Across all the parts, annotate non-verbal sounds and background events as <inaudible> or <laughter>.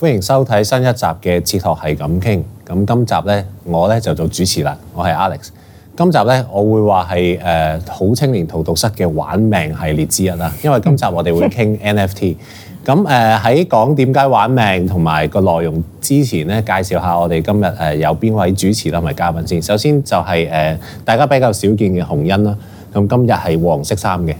歡迎收睇新一集嘅哲學係咁傾，咁今集呢，我呢就做主持啦，我係 Alex。今集呢，我會話係誒好青年荼毒室嘅玩命系列之一啦，因為今集我哋會傾 NFT。咁誒喺講點解玩命同埋個內容之前呢，介紹下我哋今日誒有邊位主持啦，埋嘉賓先。首先就係、是、誒、呃、大家比較少見嘅洪恩啦，咁今日係黃色衫嘅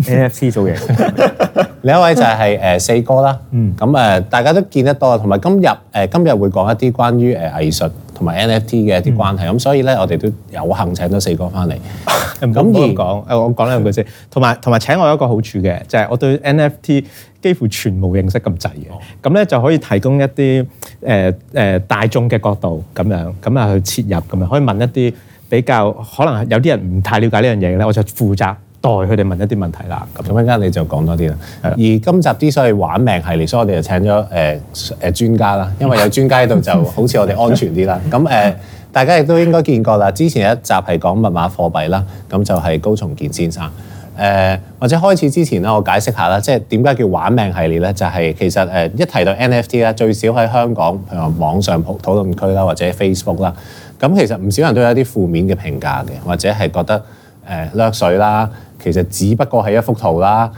NFT 做嘢。 <laughs> <laughs> 另一位就係誒四哥啦，咁誒大家都見得多啦，同埋今日誒今日會講一啲關於誒藝術同埋 NFT 嘅一啲關係，咁所以咧我哋都有幸請到四哥翻嚟。唔好咁講，誒我講兩句先。同埋同埋請我有一個好處嘅，就係我對 NFT 幾乎全無認識咁滯嘅，咁咧就可以提供一啲誒誒大眾嘅角度咁樣，咁啊去切入咁樣，可以問一啲比較可能有啲人唔太了解呢樣嘢咧，我就負責，代佢哋問一啲問題啦，咁一陣間你就講多啲啦。而今集之所以玩命系列，所以我哋就請咗誒誒專家啦，因為有專家喺度 <laughs> 就好似我哋安全啲啦。咁誒、 <laughs> 呃，大家亦都應該見過啦。之前一集係講密碼貨幣啦，咁就係高重建先生。誒、呃、或者開始之前咧，我解釋下啦，即係點解叫玩命系列呢？就係、是、其實誒、呃、一提到 NFT 啦，最少喺香港譬如話網上討討論區啦，或者 Facebook 啦，咁其實唔少人都有一啲負面嘅評價嘅，或者係覺得誒、呃、掠水啦。其實只不過係一幅圖啦，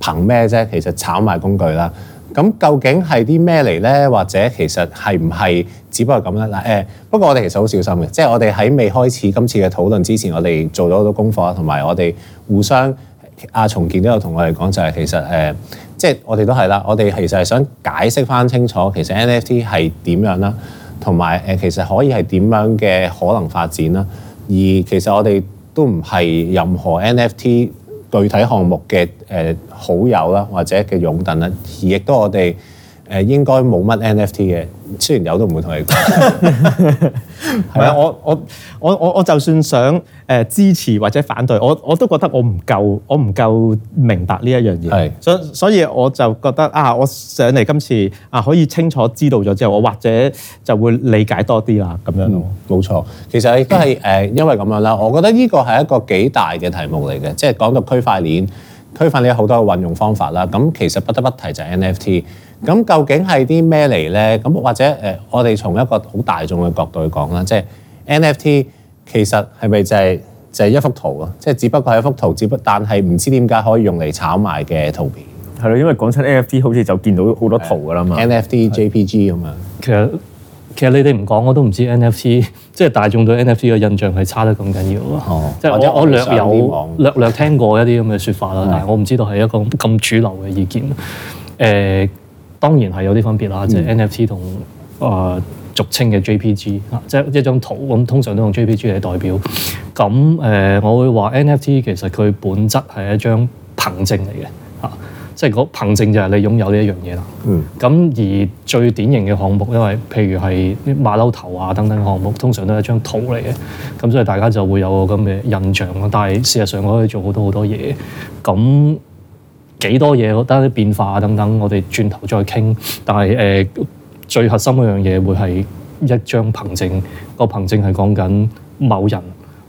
憑咩啫？其實炒賣工具啦，咁究竟係啲咩嚟咧？或者其實係唔係只不過咁咧？嗱、欸、誒，不過我哋其實好小心嘅，即係我哋喺未開始今次嘅討論之前，我哋做咗好多功課，同埋我哋互相阿重建都有同我哋講，就係、是、其實誒，即、欸、係、就是、我哋都係啦，我哋其實係想解釋翻清楚，其實 NFT 係點樣啦，同埋誒其實可以係點樣嘅可能發展啦，而其實我哋，都唔係任何 NFT 具體項目嘅誒好友啦，或者嘅擁躉啦，而亦都我哋。誒應該冇乜 NFT 嘅，雖然有都唔會同你講係啊！我我我我我就算想誒支持或者反對，我我都覺得我唔夠，我唔夠明白呢一樣嘢係，所以是所以我就覺得啊，我上嚟今次啊，可以清楚知道咗之後，我或者就會理解多啲啦。咁樣咯，冇、嗯、錯。其實亦都係誒，因為咁樣啦，的我覺得呢個係一個幾大嘅題目嚟嘅，即係講到區塊鏈，區塊鏈有好多嘅運用方法啦。咁其實不得不提就係 NFT。咁究竟係啲咩嚟咧？咁或者誒、呃，我哋從一個好大眾嘅角度去講啦，即、就、係、是、NFT 其實係咪就係、是、就係、是、一幅圖啊？即、就、係、是、只不過係一幅圖，只不但係唔知點解可以用嚟炒賣嘅圖片。係咯，因為講親 NFT 好似就見到好多圖㗎啦嘛。的 NFT JPG 咁樣。其實其實你哋唔講我都唔知 NFT 即係大眾對 NFT 嘅印象係差得咁緊要啊！哦、即係我我，我略有略略聽過一啲咁嘅説法啦，嗯、但係我唔知道係一個咁主流嘅意見。誒、呃。呃當然係有啲分別啦，即係 NFT 同誒俗稱嘅 JPG，即、啊、係、就是、一張圖咁、啊，通常都用 JPG 嚟代表。咁、啊、誒，我會話 NFT 其實佢本質係一張憑證嚟嘅，嚇、啊啊，即係嗰憑證就係你擁有呢一樣嘢啦。咁、啊啊嗯、而最典型嘅項目，因為譬如係馬騮頭啊等等嘅項目，通常都係一張圖嚟嘅，咁所以大家就會有個咁嘅印象。但係事實上我可以做好多好多嘢。咁、啊啊幾多嘢？覺得啲變化等等，我哋轉頭再傾。但係誒、呃，最核心嗰樣嘢會係一張憑證。這個憑證係講緊某人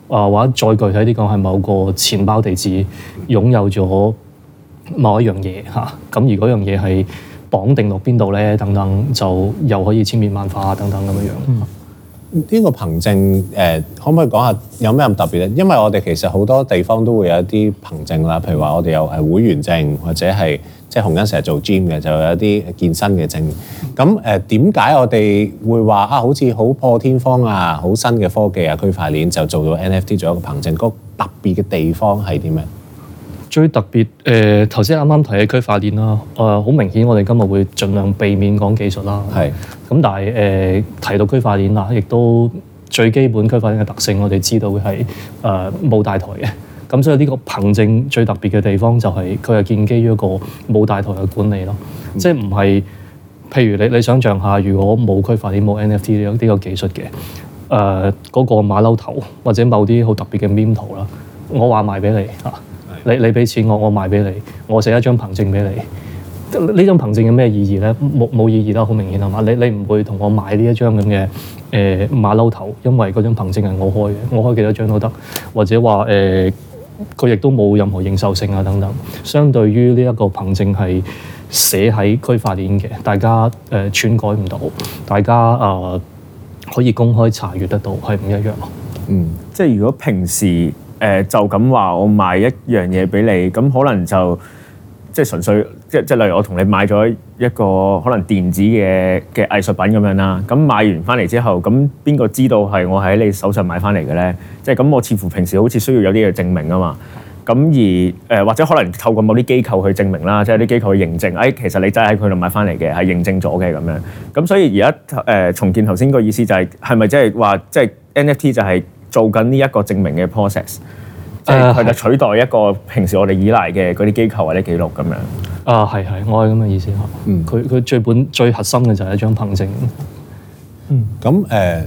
啊、呃，或者再具體啲講係某個錢包地址擁有咗某一樣嘢嚇。咁、啊、而嗰樣嘢係綁定落邊度咧？等等就又可以千變萬化等等咁樣樣。嗯呢個憑證誒、呃，可唔可以講下有咩咁特別咧？因為我哋其實好多地方都會有一啲憑證啦，譬如話我哋有誒會員證，或者係即係洪恩成日做 gym 嘅，就有一啲健身嘅證。咁誒點解我哋會話啊，好似好破天荒啊，好新嘅科技啊，區塊鏈就做到 NFT 做一個憑證，嗰個特別嘅地方係點咧？最特別誒，頭先啱啱提嘅區塊鏈啦，誒、呃、好明顯，我哋今日會盡量避免講技術啦。係咁是，但係誒、呃、提到區塊鏈啦，亦都最基本區塊鏈嘅特性，我哋知道係誒冇大台嘅。咁、嗯、所以呢個憑證最特別嘅地方就係佢係建基於一個冇大台嘅管理咯，嗯、即係唔係譬如你你想像下，如果冇區塊鏈冇 NFT 呢呢個技術嘅誒嗰個馬騮頭或者某啲好特別嘅 meme 圖啦，我話埋俾你嚇。你你俾錢我我賣俾你，我寫一張憑證俾你。呢張憑證有咩意義呢？冇冇意義啦，好明顯係嘛？你你唔會同我買呢一張咁嘅誒馬騮頭，因為嗰張憑證係我開嘅，我開幾多張都得。或者話誒，佢亦都冇任何認受性啊等等。相對於呢一個憑證係寫喺區塊鏈嘅，大家誒篡、呃、改唔到，大家、呃、可以公開查閲得到，係唔一樣咯。嗯，即係如果平時。誒、呃、就咁話我買一樣嘢俾你，咁可能就即係純粹，即即例如我同你買咗一個可能電子嘅嘅藝術品咁樣啦。咁買完翻嚟之後，咁邊個知道係我喺你手上買翻嚟嘅咧？即係咁，我似乎平時好似需要有啲嘢證明啊嘛。咁而誒、呃、或者可能透過某啲機構去證明啦，即係啲機構去認證，誒、哎、其實你真係喺佢度買翻嚟嘅，係認證咗嘅咁樣。咁所以而家誒重建頭先個意思就係係咪即係話即係 NFT 就係，就係做緊呢一個證明嘅 process，即係佢就取代一個平時我哋依賴嘅嗰啲機構或者記錄咁樣。啊，係係，我係咁嘅意思。嗯，佢佢最本最核心嘅就係一張憑證。嗯，咁誒，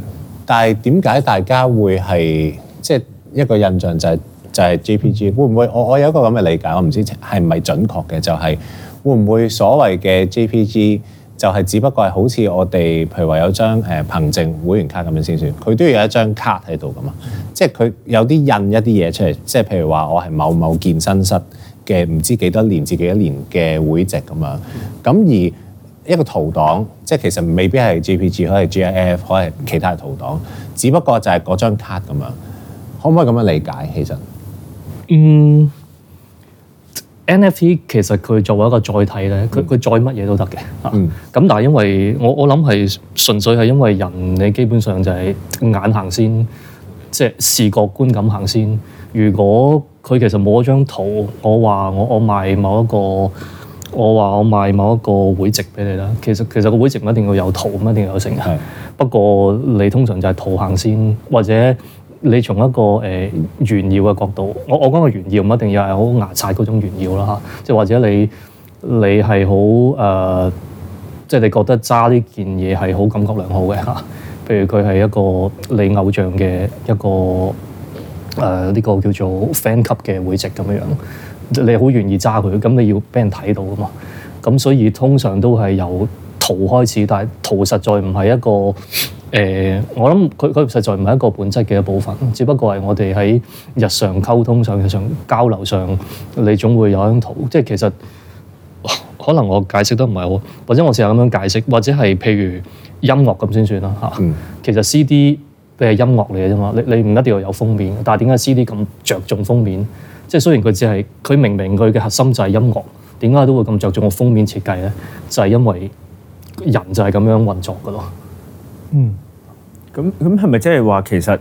但係點解大家會係即係一個印象就係就係 JPG？會唔會我我有一個咁嘅理解，我唔知係唔係準確嘅，就係會唔會所謂嘅 JPG，就係只不過係好似我哋，譬如話有張誒憑證、會員卡咁樣先算，佢都要有一張卡喺度咁嘛。即係佢有啲印一啲嘢出嚟，即係譬如話我係某某健身室嘅唔知幾多年至幾多年嘅會籍咁樣。咁而一個圖檔，即係其實未必係 JPG，可以 GIF，可以其他嘅圖檔，只不過就係嗰張卡咁樣，可唔可以咁樣理解？其實，嗯。NFT 其實佢作為一個載體咧，佢佢載乜嘢都得嘅嚇。咁、嗯、但係因為我我諗係純粹係因為人你基本上就係眼行先，即係視覺觀感行先。如果佢其實冇一張圖，我話我我賣某一個，我話我賣某一個會籍俾你啦。其實其實個會籍唔一定要有圖，唔一定要有成嘅。的不過你通常就係圖行先或者。你從一個誒炫、呃、耀嘅角度，我我講嘅炫耀唔一定要係好牙刷嗰種炫耀啦嚇，即係或者你你係好誒，即、呃、係、就是、你覺得揸呢件嘢係好感覺良好嘅嚇。譬如佢係一個你偶像嘅一個誒呢、呃這個叫做 fan 級嘅會籍咁樣樣，你好願意揸佢，咁你要俾人睇到啊嘛。咁所以通常都係由圖開始，但係圖實在唔係一個。誒、呃，我諗佢佢實在唔係一個本質嘅一部分，只不過係我哋喺日常溝通上、日常交流上，你總會有樣圖。即係其實可能我解釋得唔係好，或者我成日咁樣解釋，或者係譬如音樂咁先算啦嚇。啊嗯、其實 CD 佢係音樂嚟嘅啫嘛，你你唔一定要有封面。但係點解 CD 咁着重封面？即係雖然佢只係佢明明佢嘅核心就係音樂，點解都會咁着重個封面設計咧？就係、是、因為人就係咁樣運作嘅咯。嗯，咁咁，係咪即係話其實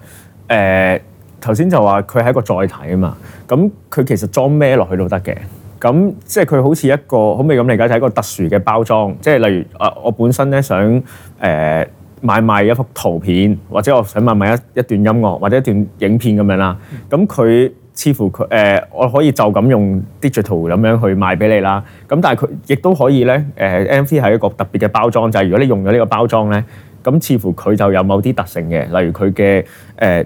誒頭先就話佢係一個載體啊嘛？咁佢其實裝咩落去都得嘅。咁即係佢好似一個可唔可以咁理解，就係一個特殊嘅包裝。即係例如啊、呃，我本身咧想誒、呃、買賣一幅圖片，或者我想買賣一一段音樂，或者一段影片咁樣啦。咁佢似乎佢誒、呃、我可以就咁用 digital 咁樣去賣俾你啦。咁但係佢亦都可以咧誒、呃、MV 係一個特別嘅包裝，就係如果你用咗呢個包裝咧。咁似乎佢就有某啲特性嘅，例如佢嘅誒、呃、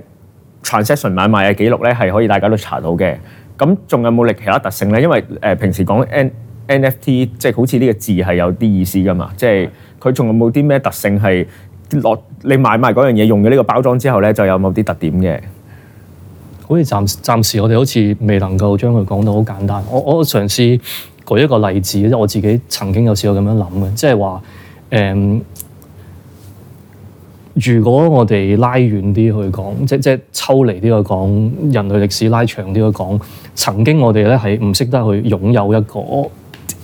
transaction 買賣嘅記錄咧，係可以大家都查到嘅。咁仲有冇力其他特性咧？因為誒、呃、平時講 N NFT，即係好似呢個字係有啲意思噶嘛。即係佢仲有冇啲咩特性係落你買賣嗰樣嘢用咗呢個包裝之後咧，就有某啲特點嘅。好似暫暫,暫時我哋好似未能夠將佢講到好簡單。我我嘗試舉一個例子，即係我自己曾經有試過咁樣諗嘅，即係話誒。嗯如果我哋拉遠啲去講，即即抽離啲去講人類歷史，拉長啲去講，曾經我哋呢係唔識得去擁有一個、哦、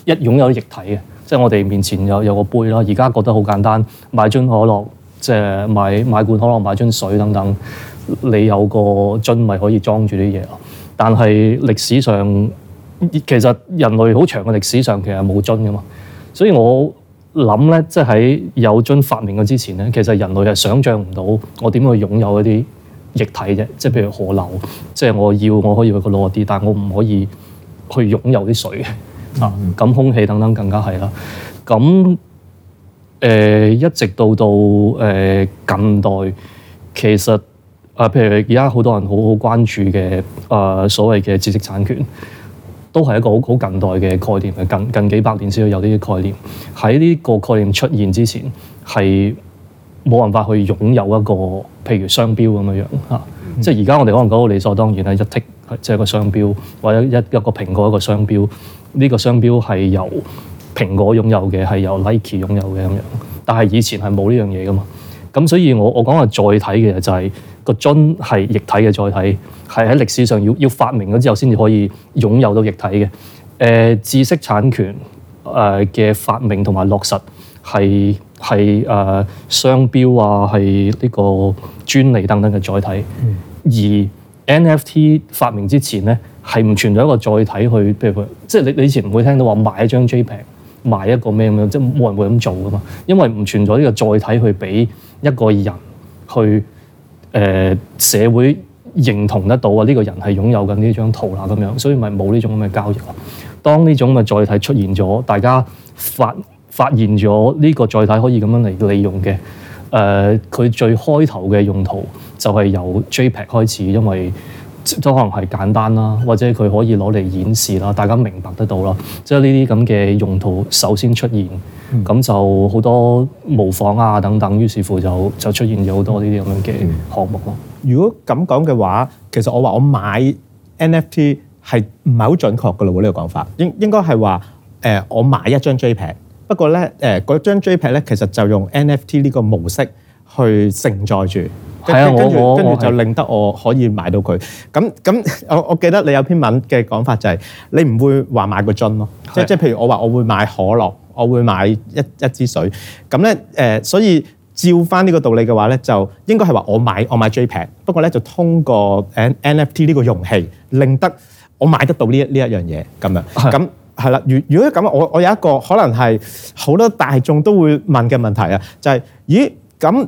一擁有一個液體嘅，即我哋面前有有個杯啦。而家覺得好簡單，買樽可樂，即買買罐可樂，買樽水等等，你有個樽咪可以裝住啲嘢咯。但係歷史上，其實人類好長嘅歷史上其實冇樽㗎嘛，所以我。諗咧，即係喺有樽發明嘅之前咧，其實人類係想像唔到我點去擁有一啲液體啫，即係譬如河流，即係我要我可以去佢攞啲，但我唔可以去擁有啲水嘅。啊、嗯，咁空氣等等更加係啦。咁誒、呃、一直到到誒、呃、近代，其實啊、呃，譬如而家好多人好好關注嘅啊、呃，所謂嘅知識產權，都係一個好好近代嘅概念，係近近幾百年先有呢啲概念。喺呢個概念出現之前，係冇辦法去擁有一個譬如商標咁樣樣嚇，嗯、即係而家我哋可能覺得理所當然啦，就是、一剔 i c k 即係個商標，或者一一個蘋果一個商標，呢、這個商標係由蘋果擁有嘅，係由 Nike 擁有嘅咁樣。但係以前係冇呢樣嘢噶嘛，咁所以我我講話再睇嘅就係、是。個樽係液體嘅載體，係喺歷史上要要發明咗之後，先至可以擁有到液體嘅。誒、呃、知識產權誒嘅、呃、發明同埋落實係係誒商標啊，係呢個專利等等嘅載體。嗯、而 NFT 發明之前咧，係唔存在一個載體去，譬如即係、就是、你你以前唔會聽到話賣一張 JPEG，賣一個咩咁樣，即係冇人會咁做㗎嘛，因為唔存在呢個載體去俾一個人去。誒、呃、社會認同得到啊，呢、這個人係擁有緊呢張圖啦，咁樣所以咪冇呢種咁嘅交易咯。當呢種嘅載體出現咗，大家發發現咗呢個載體可以咁樣嚟利用嘅，誒、呃、佢最開頭嘅用途就係由 JPEG 開始，因為。都可能係簡單啦，或者佢可以攞嚟演示啦，大家明白得到啦。即係呢啲咁嘅用途首先出現，咁、嗯、就好多模仿啊等等，於是乎就就出現咗好多呢啲咁樣嘅項目咯。嗯嗯、如果咁講嘅話，其實我話我買 NFT 係唔係好準確噶咯？呢、呢個講法應應該係話誒，我買一張 JPEG，不過咧，誒嗰張 JPEG 咧，其實就用 NFT 呢個模式去承載住。係啊，跟住跟住就令得我可以買到佢。咁咁，我我記得你有篇文嘅講法就係，你唔會話買個樽咯。即即譬如我話我會買可樂，我會買一一支水。咁咧誒，所以照翻呢個道理嘅話咧，就應該係話我買我買 JPEG。不過咧就通過誒 NFT 呢個容器，令得我買得到呢一呢一樣嘢咁樣。咁係啦。如如果咁，我我有一個可能係好多大眾都會問嘅問題啊，就係咦咁。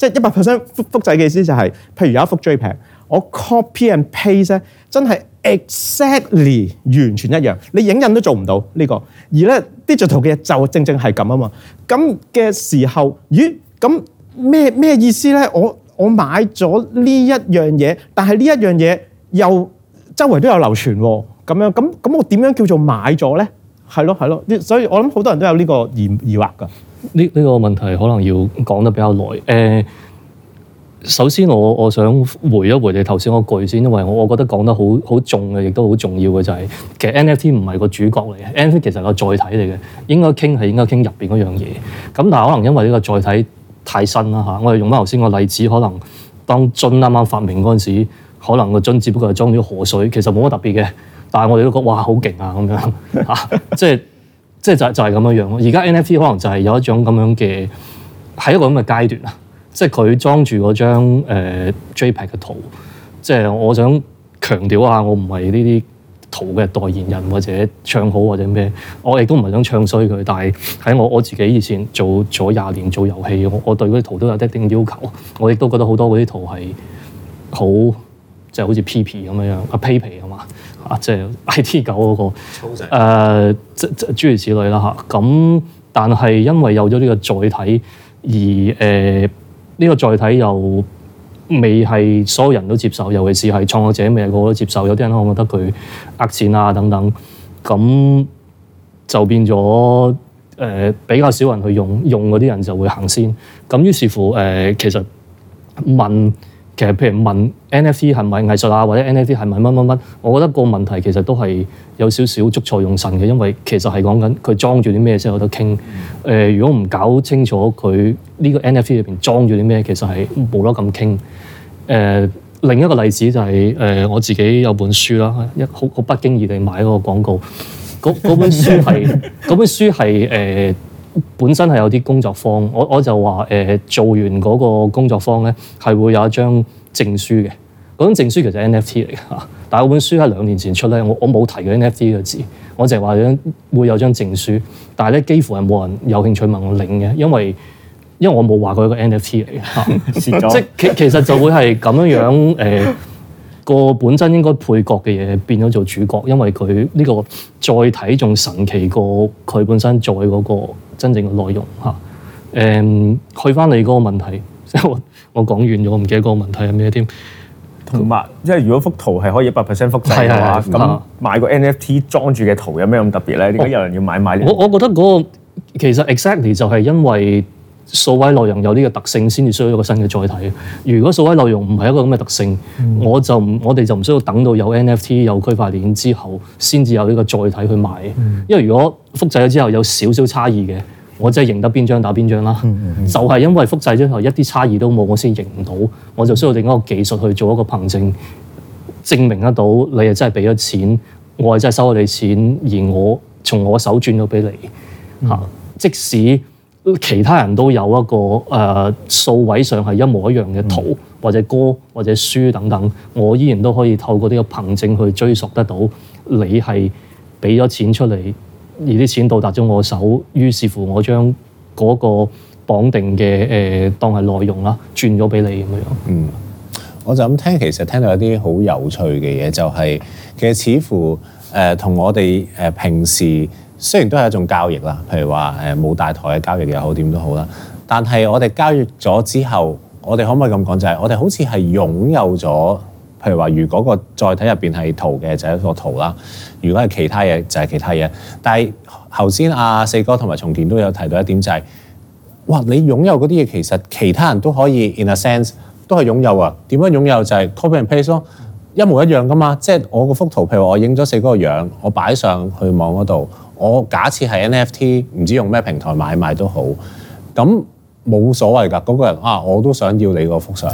即係一百 percent 複複製嘅意思就係，譬如有一幅 JPEG，我 copy and paste 咧，真係 exactly 完全一樣，你影印都做唔到呢個。而咧 digital 嘅嘢就正正係咁啊嘛。咁嘅時候咦？咁咩咩意思咧？我我買咗呢一樣嘢，但係呢一樣嘢又周圍都有流傳喎。咁樣咁咁，我點樣叫做買咗咧？係咯，係咯。所以我諗好多人都有呢個疑疑惑㗎。呢呢、這個問題可能要講得比較耐。誒、呃，首先我我想回一回你頭先嗰句先，因為我我覺得講得好好重嘅，亦都好重要嘅就係、是，其實 NFT 唔係個主角嚟嘅，NFT 其實係個載體嚟嘅，應該傾係應該傾入邊嗰樣嘢。咁但係可能因為呢個載體太新啦嚇、啊，我哋用翻頭先個例子，可能當樽啱啱發明嗰陣時，可能個樽只不過係裝咗啲河水，其實冇乜特別嘅，但係我哋都覺得哇好勁啊咁樣嚇、啊，即係。即係就係就咁樣樣咯。而家 NFT 可能就係有一種咁樣嘅，係一個咁嘅階段啦。即係佢裝住嗰張 JPEG 嘅圖。即係我想強調下，我唔係呢啲圖嘅代言人或者唱好或者咩。我亦都唔係想唱衰佢。但係喺我我自己以前做咗廿年做遊戲，我對嗰啲圖都有一定要求。我亦都覺得多、就係、好多嗰啲圖係好即係好似 PP 咁樣樣，啊 PP，係嘛？啊，即係 I.T. 狗嗰個，誒正、呃，諸如此類啦嚇。咁、啊、但係因為有咗呢個載體，而誒呢、呃這個載體又未係所有人都接受，尤其是係創作者未係個個都接受，有啲人可能覺得佢呃錢啊、等等，咁、啊、就變咗誒、呃、比較少人去用，用嗰啲人就會行先。咁於是乎誒、呃，其實問。其實譬如問 NFT 係咪藝術啊，或者 NFT 係咪乜乜乜，我覺得個問題其實都係有少少捉錯用神嘅，因為其實係講緊佢裝住啲咩先有得傾、呃。如果唔搞清楚佢呢個 NFT 裏面裝住啲咩，其實係冇得咁傾。誒、呃，另一個例子就係、是呃，我自己有本書啦，一好好不經意地買嗰個廣告，嗰本書係嗰本書係誒。呃本身係有啲工作坊，我我就話誒、呃、做完嗰個工作坊咧，係會有一張證書嘅。嗰種證書其實係 NFT 嚟嘅嚇，但係嗰本書係兩年前出咧，我我冇提過 NFT 嘅字，我淨係話有會有張證書，但係咧幾乎係冇人有興趣問我領嘅，因為因為我冇話過一個 NFT 嚟嘅，即係其其實就會係咁樣樣誒、呃、個本身應該配角嘅嘢變咗做主角，因為佢呢、這個載體仲神奇過佢本身載嗰、那個。真正嘅內容嚇，、誒去翻你嗰個問題，我我講遠咗，我唔記得嗰個問題係咩添。同埋，即係如果幅圖係可以一百 percent 複製嘅話，咁買個 NFT 裝住嘅圖有咩咁特別咧？點解有人要買、哦、買我我覺得嗰個其實 exactly 就係因為。數位內容有呢個特性，先至需要一個新嘅載體。如果數位內容唔係一個咁嘅特性，嗯、我就我哋就唔需要等到有 NFT 有區塊鏈之後，先至有呢個載體去買。嗯、因為如果複製咗之後有少少差異嘅，我真係認得邊張打邊張啦。嗯嗯、就係因為複製咗之後一啲差異都冇，我先認唔到，我就需要另一個技術去做一個憑證，證明得到你係真係俾咗錢，我係真係收咗你錢，而我從我手轉到俾你嚇，嗯、即使。其他人都有一個誒、呃、數位上係一模一樣嘅圖、嗯、或者歌或者書等等，我依然都可以透過呢個憑證去追索得到你係俾咗錢出嚟，而啲錢到達咗我手，於是乎我將嗰個綁定嘅誒、呃、當係內容啦轉咗俾你咁樣。嗯，我就咁聽，其實聽到一啲好有趣嘅嘢，就係、是、其實似乎誒同、呃、我哋誒、呃、平時。雖然都係一種交易啦，譬如話誒冇大台嘅交易又好，點都好啦。但係我哋交易咗之後，我哋可唔可以咁講？就係、是、我哋好似係擁有咗。譬如話，如果個載體入邊係圖嘅，就係、是、一個圖啦。如果係其他嘢，就係、是、其他嘢。但係後先阿四哥同埋重建都有提到一點、就是，就係哇！你擁有嗰啲嘢，其實其他人都可以。In a sense，都係擁有啊。點樣擁有？就係、是、copy and paste 咯，一模一樣噶嘛。即係我個幅圖，譬如我影咗四哥個樣，我擺上去網嗰度。我假設係 NFT，唔知用咩平台買賣都好，咁冇所謂㗎。嗰個人啊，我都想要你個幅相，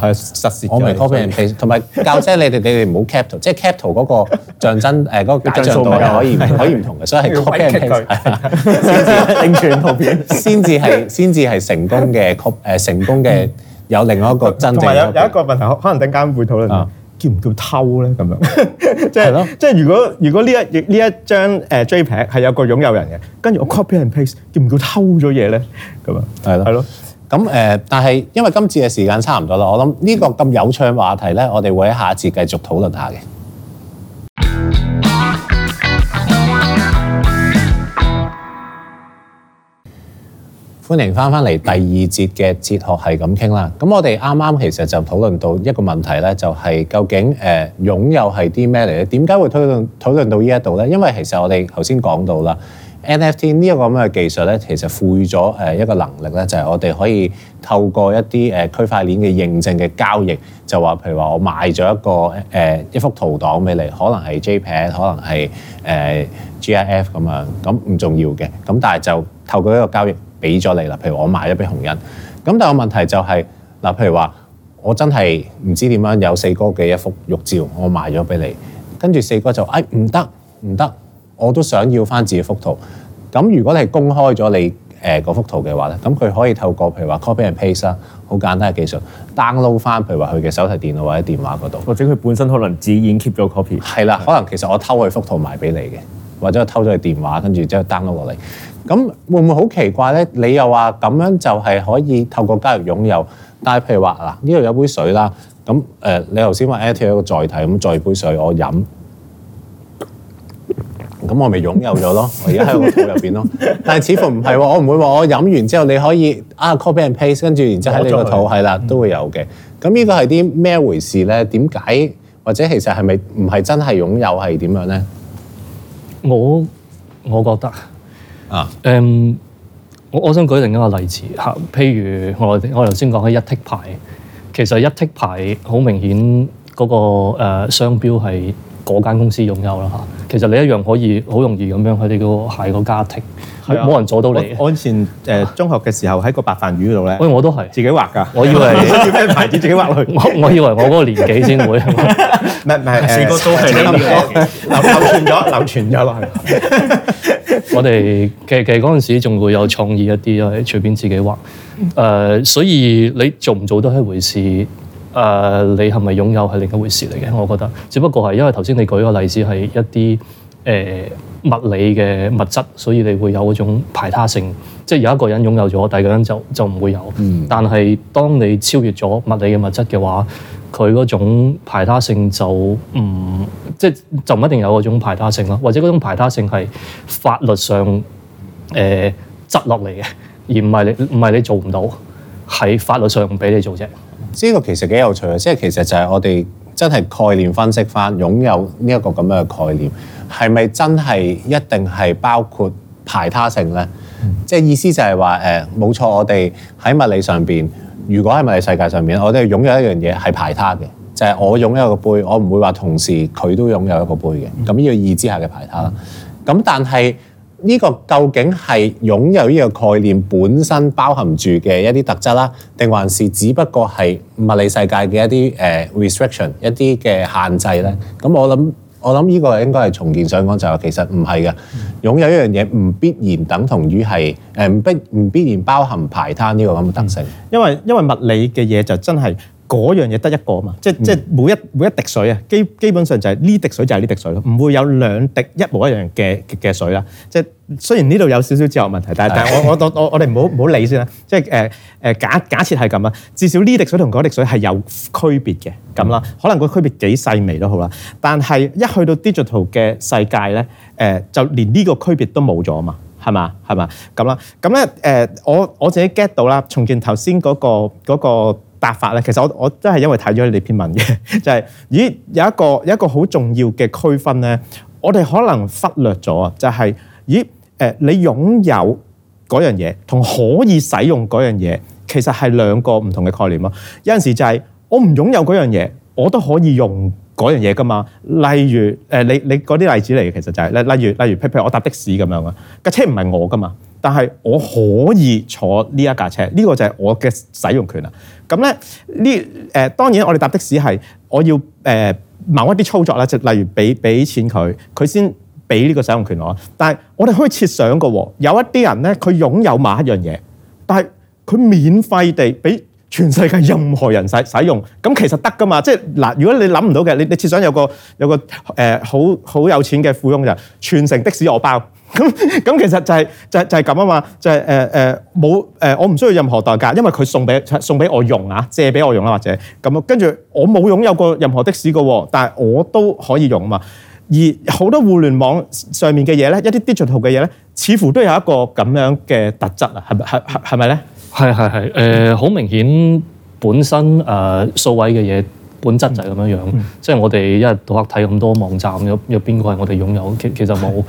我唔 copy 人同埋教真你哋，你哋唔好 cap 圖即係 cap 圖嗰個象徵誒嗰個數目可以可以唔同嘅，所以係 copying 圖片先至係先至係成功嘅 cap 成功嘅有另外一個真正，唔有一個問題，可能等間會討論。叫唔叫偷咧？咁樣即係即係，如果如果呢一呢一張誒、呃、JPEG 係有個擁有人嘅，跟住我 copy and paste，叫唔叫偷咗嘢咧？咁 <laughs> 樣係咯係咯。咁誒、呃，但係因為今次嘅時間差唔多啦，我諗呢個咁有趣嘅話題咧，我哋會喺下一節繼續討論下嘅。歡迎翻翻嚟第二節嘅哲學係咁傾啦。咁我哋啱啱其實就討論到一個問題咧，就係、是、究竟誒擁、呃、有係啲咩嚟咧？點解會討論討論到呢一度咧？因為其實我哋頭先講到啦，NFT 呢一個咁嘅技術咧，其實賦予咗誒一個能力咧，就係、是、我哋可以透過一啲誒區塊鏈嘅認證嘅交易，就話譬如話我賣咗一個誒、呃、一幅圖檔俾你，可能係 JPEG，可能係誒 GIF 咁樣，咁、呃、唔重要嘅。咁但係就透過一個交易。俾咗你啦，譬如我買咗俾洪恩，咁但個問題就係、是、嗱，譬如話我真係唔知點樣有四哥嘅一幅玉照，我賣咗俾你，跟住四哥就誒唔得唔得，我都想要翻自己幅圖。咁如果你係公開咗你誒嗰、呃那個、幅圖嘅話咧，咁佢可以透過譬如話 copy and paste 啊，好簡單嘅技術 download 翻譬如話佢嘅手提電腦或者電話嗰度，或者佢本身可能自演 keep 咗個 copy 的。係啦的，可能其實我偷佢幅圖賣俾你嘅，或者我偷咗佢電話，跟住之後 download 落嚟。咁會唔會好奇怪咧？你又話咁樣就係可以透過加入擁有，但係譬如話嗱，呢度有杯水啦，咁誒、呃，你頭先話 NFT 一個載體，咁載杯水我飲，咁我咪擁有咗咯， <laughs> 我而家喺個肚入邊咯。但係似乎唔係喎，我唔會話我飲完之後你可以啊 copy and paste，跟住然之後喺你個肚係啦，都會有嘅。咁呢個係啲咩回事咧？點解或者其實係咪唔係真係擁有係點樣咧？我我覺得。啊，誒、uh. um,，我我想舉另一個例子嚇，譬如我我頭先講嘅一剔牌，其實一剔牌好明顯嗰、那個誒、呃、商標係。嗰間公司擁有啦嚇，其實你一樣可以好容易咁樣，去你個係個家庭，冇對人阻到你。我以前誒中學嘅時候喺個白飯魚度咧，餵我都係自己畫㗎、哎。我以為咩牌子自己畫佢，我我以為我嗰個年紀先會，唔係， <laughs> 四個都係呢啲嘢。流傳咗，流傳咗啦。我哋 <laughs> <laughs> 其實其實嗰時仲會有創意一啲，係隨便自己畫。誒、uh,，所以你做唔做都係一回事。誒，uh, 你係咪擁有係另一回事嚟嘅？我覺得，只不過係因為頭先你舉個例子係一啲誒、呃、物理嘅物質，所以你會有嗰種排他性，即係有一個人擁有咗，第二個人就就唔會有。但係當你超越咗物理嘅物質嘅話，佢嗰種排他性就唔即係就唔一定有嗰種排他性咯，或者嗰種排他性係法律上誒執、呃、落嚟嘅，而唔係你唔係你做唔到，喺法律上唔俾你做啫。呢個其實幾有趣嘅，即係其實就係我哋真係概念分析翻擁有呢一個咁樣嘅概念，係咪真係一定係包括排他性呢？即係、嗯、意思就係話誒，冇錯，我哋喺物理上邊，如果喺物理世界上面，我哋擁有一樣嘢係排他嘅，就係、係、我擁有一個杯，我唔會話同時佢都擁有一個杯嘅。咁呢個意之下嘅排他啦。咁但係。呢個究竟係擁有呢個概念本身包含住嘅一啲特質啦，定還是只不過係物理世界嘅一啲誒、呃、restriction 一啲嘅限制咧？咁、嗯、我諗我諗呢個應該係重建上講，就係其實唔係嘅，擁有一樣嘢唔必然等同於係誒唔必、唔必然包含排他呢個咁嘅特性。因為因為物理嘅嘢就真係。嗰樣嘢得一個啊嘛，即係即係每一每一滴水啊，基基本上就係呢滴水就係呢滴水咯，唔會有兩滴一模一樣嘅嘅水啦。即係雖然呢度有少少哲學問題，但係但係我我我我哋唔好唔好理先啦。即係誒誒假假設係咁啊，至少呢滴水同嗰滴水係有區別嘅咁啦，可能個區別幾細微都好啦。但係一去到 digital 嘅世界咧，誒就連呢個區別都冇咗啊嘛，係嘛，係嘛咁啦。咁咧誒我我自己 get 到啦，重建頭先嗰個嗰個答法咧，其實我我真係因為睇咗你篇文嘅，就係咦有一個有一個好重要嘅區分咧，我哋可能忽略咗啊，就係咦誒你擁有嗰樣嘢同可以使用嗰樣嘢其實係兩個唔同嘅概念咯。有陣時就係我唔擁有嗰樣嘢，我都可以用嗰樣嘢㗎嘛。例如誒你你嗰啲例子嚟，其實就係例例如例如譬如我搭的士咁樣啊，架車唔係我㗎嘛。但係我可以坐呢一架車，呢、這個就係我嘅使用權啦。咁咧呢誒、呃，當然我哋搭的士係我要誒、呃、某一啲操作啦，就例如俾俾錢佢，佢先俾呢個使用權我。但係我哋可以設想嘅，有一啲人咧，佢擁有某一樣嘢，但係佢免費地俾全世界任何人使使用，咁其實得噶嘛？即係嗱、呃，如果你諗唔到嘅，你你設想有個有個誒、呃、好好有錢嘅富翁就全城的士我包。咁咁、嗯，其實就係、係、就係、係、就係咁啊嘛，就係誒誒冇誒，我唔需要任何代價，因為佢送俾送俾我用啊，借俾我用啦，或者咁咯。跟住我冇擁有過任何的士嘅喎，但係我都可以用啊嘛。而好多互聯網上面嘅嘢咧，一啲 digital 嘅嘢咧，似乎都有一個咁樣嘅特質啊，係咪係係係咪咧？係係係誒，好、呃、明顯本身誒、呃、數位嘅嘢本質就係咁樣樣，即係、嗯嗯、我哋一日到黑睇咁多網站，有有邊個係我哋擁有？其其實冇。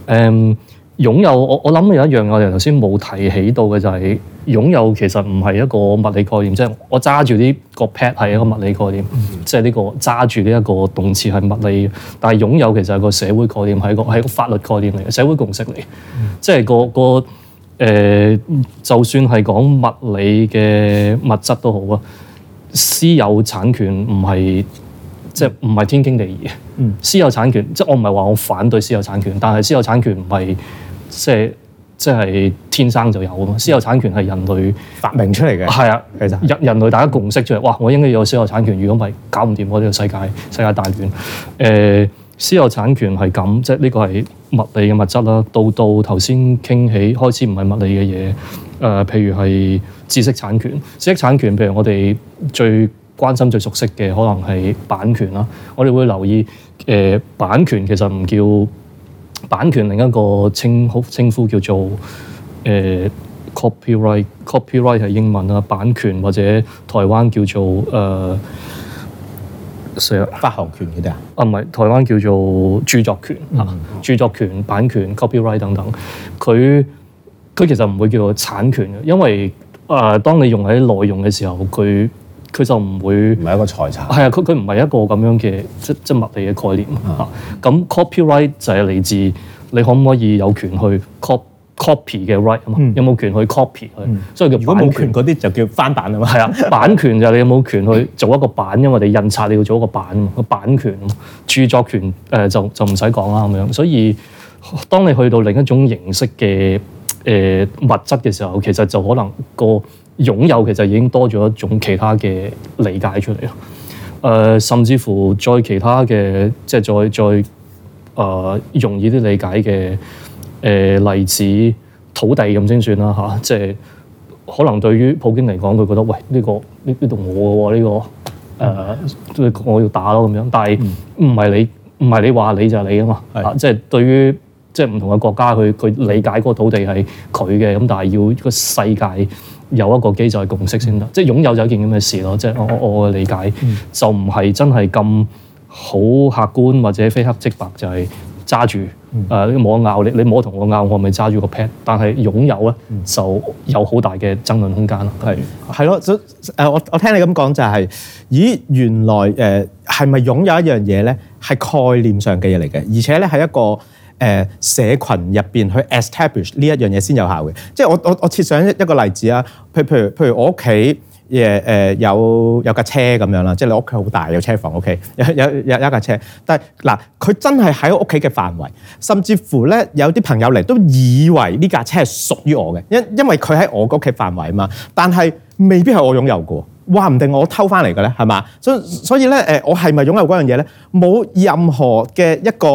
誒、嗯、擁有，我我諗有一樣我哋頭先冇提起到嘅就係、是、擁有其實唔係一個物理概念，即、就、係、是、我揸住呢個 pad 係一個物理概念，即係呢個揸住呢一個動詞係物理。嗯、但係擁有其實係個社會概念，係一個係一個法律概念嚟，嘅，社會共識嚟，嘅、嗯，即係個個誒、呃，就算係講物理嘅物質都好啊，私有產權唔係。即係唔係天經地義？嗯，私有產權，即係我唔係話我反對私有產權，但係私有產權唔係即係即係天生就有。私有產權係人類發明出嚟嘅，係啊的，其實人人類大家共識出嚟，哇！我應該有私有產權，如果唔係，搞唔掂我呢個世界世界大亂。誒、呃，私有產權係咁，即係呢個係物理嘅物質啦。到到頭先傾起開始唔係物理嘅嘢，誒、呃，譬如係知識產權，知識產權譬如我哋最。關心最熟悉嘅可能係版權啦，我哋會留意、呃、版權其實唔叫版權，另一個稱好稱呼叫做、呃、copyright，copyright 係 Copy、right、英文啊，版權或者台灣叫做誒、是、呃、啊、發行權，唔係台灣叫做著作權、嗯、著作權版權 copyright 等等，佢佢其實唔會叫做產權，因為誒、呃、當你用喺內容嘅時候佢。佢就唔會唔係一個財產，係啊，佢佢唔係一個咁樣嘅即即係物理嘅概念啊。咁、嗯、copyright 就係嚟自你可唔可以有權去 cop copy 嘅 right 啊嘛？有冇權去 copy 佢？嗯、所以如果冇權嗰啲就叫翻版啊嘛。係啊， <laughs> 版權就係你有冇權去做一個版，因為你印刷你要做一個版啊嘛，個版權、著作權誒、呃、就就唔使講啦咁樣。所以當你去到另一種形式嘅誒、呃、物質嘅時候，其實就可能個。擁有其實已經多咗一種其他嘅理解出嚟咯。誒、呃，甚至乎再其他嘅，即係再再誒，容易啲理解嘅誒、呃、例子土地咁先算啦。嚇、啊，即係可能對於普京嚟講，佢覺得喂呢、呢個呢呢度我嘅喎呢、呢個誒、呃，我要打咯咁樣。但係唔係你唔係、嗯、你話你就係你啊嘛？嚇的、啊，即係對於即係唔同嘅國家，佢佢理解嗰個土地係佢嘅咁，但係要個世界。有一個機制共識先得，嗯、即係擁有咗一件咁嘅事咯。即係、嗯、我我我嘅理解、嗯、就唔係真係咁好客觀或者非黑即白，就係揸住你冇拗你，你冇同我拗，我咪揸住個 pad。但係擁有咧、嗯、就有好大嘅爭論空間咯。係係咯，誒是我我聽你咁講就係、是，咦原來誒係咪擁有一樣嘢咧係概念上嘅嘢嚟嘅，而且咧係一個，誒社群入邊去 establish 呢一樣嘢先有效嘅，即係我我我設想一一個例子啊，譬如譬如譬如我屋企誒誒有有架車咁樣啦，即係你屋企好大有車房屋企有有有一架車，但係嗱佢真係喺屋企嘅範圍，甚至乎咧，有啲朋友嚟都以為呢架車係屬於我嘅，因因為佢喺我個屋企範圍啊嘛，但係未必係我擁有過。話唔定我偷翻嚟嘅咧，係嘛？所以所以咧，誒、呃，我係咪擁有嗰樣嘢咧？冇任何嘅一個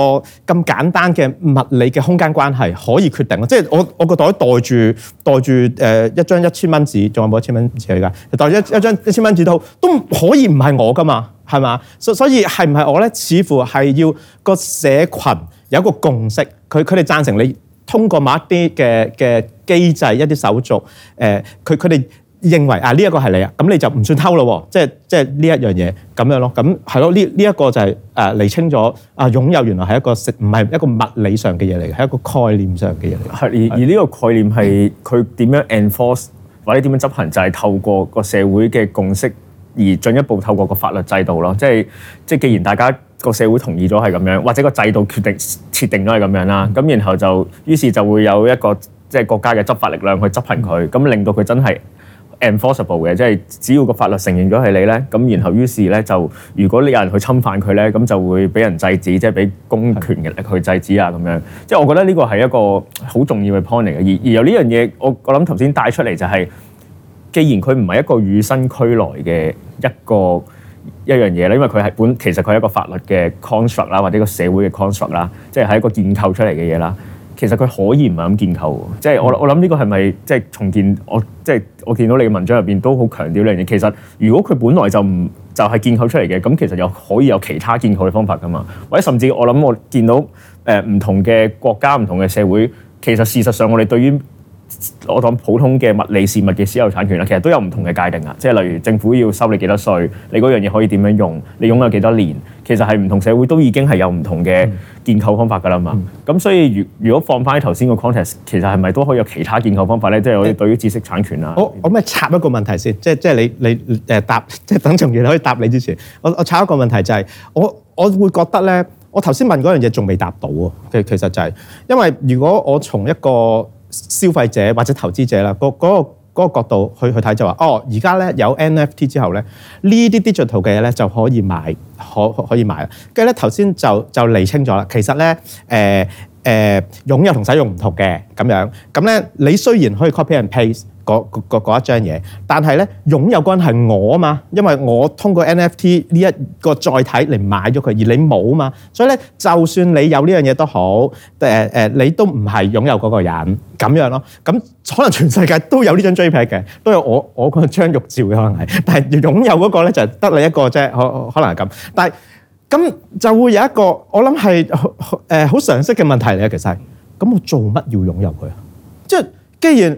咁簡單嘅物理嘅空間關係可以決定咯。即係我我個袋袋住袋住誒、呃、一張一千蚊紙，仲有冇一千蚊紙嚟㗎？袋住一一張一千蚊紙都好都可以唔係我噶嘛，係嘛？所所以係唔係我咧？似乎係要個社群有一個共識，佢佢哋贊成你通過某一啲嘅嘅機制、一啲手續，誒、呃，佢佢哋，認為啊，呢、這、一個係你、嗯、你啊，咁你就唔算偷咯，即係即係呢一樣嘢咁樣咯。咁係咯，呢呢一個就係誒釐清咗啊，擁、啊、有原來係一個唔係一個物理上嘅嘢嚟嘅，係一個概念上嘅嘢嚟。係而而呢個概念係佢點樣 enforce 或者點樣執行，就係透過個社會嘅共識而進一步透過個法律制度咯。即係即係，既然大家個社會同意咗係咁樣，或者個制度決定設定都係咁樣啦，咁然後就於是就會有一個即係國家嘅執法力量去執行佢，咁、嗯、令到佢真係。enforceable 嘅，即係只要個法律承認咗係你咧，咁然後於是咧就，如果你有人去侵犯佢咧，咁就會俾人制止，即係俾公權力去制止啊咁的樣。即係我覺得呢個係一個好重要嘅 point 嚟嘅。而而由呢樣嘢，我我諗頭先帶出嚟就係、是，既然佢唔係一個與生俱來嘅一個一樣嘢咧，因為佢係本其實佢係一個法律嘅 construct 啦，或者個社會嘅 construct 啦，即係係一個建構出嚟嘅嘢啦。其實佢可以唔係咁建構，即係我我諗呢個係咪即係重建？我即係我見到你嘅文章入邊都好強調呢樣嘢。其實如果佢本來就唔就係建構出嚟嘅，咁其實又可以有其他建構嘅方法噶嘛。或者甚至我諗我見到誒唔同嘅國家、唔同嘅社會，其實事實上我哋對於我講普通嘅物理事物嘅私有產權啦，其實都有唔同嘅界定啊。即係例如政府要收你幾多稅，你嗰樣嘢可以點樣用，你擁有幾多年，其實係唔同社會都已經係有唔同嘅建構方法㗎啦嘛。咁、嗯、所以如如果放翻喺頭先個 context，其實係咪都可以有其他建構方法咧？嗯、即係對於知識產權啊，我我咩插一個問題先，即即係你你誒、呃、答，即係等重建可以答你之前，我我插一個問題就係、是、我我會覺得咧，我頭先問嗰樣嘢仲未答到啊。其其實就係、是、因為如果我從一個消費者或者投資者啦，嗰嗰個嗰個角度去去睇就話，哦，而家咧有 NFT 之後咧，呢啲 digital 嘅嘢咧就可以買，可可以買。跟住咧頭先就就釐清咗啦，其實咧誒誒擁有同使用唔同嘅咁樣，咁咧你雖然可以 copy and paste。嗰嗰嗰嗰一張嘢，但係咧擁有關係我啊嘛，因為我通過 NFT 呢一個載體嚟買咗佢，而你冇啊嘛，所以咧就算你有呢樣嘢都好，誒誒，你都唔係擁有嗰個人咁樣咯。咁可能全世界都有呢張 Jpeg 嘅，都有我我嗰張玉照嘅可能係，但係擁有嗰個咧就係得你一個啫，可可能係咁。但係咁就會有一個我諗係誒好常識嘅問題嚟嘅，其實咁我做乜要擁有佢啊？即係既然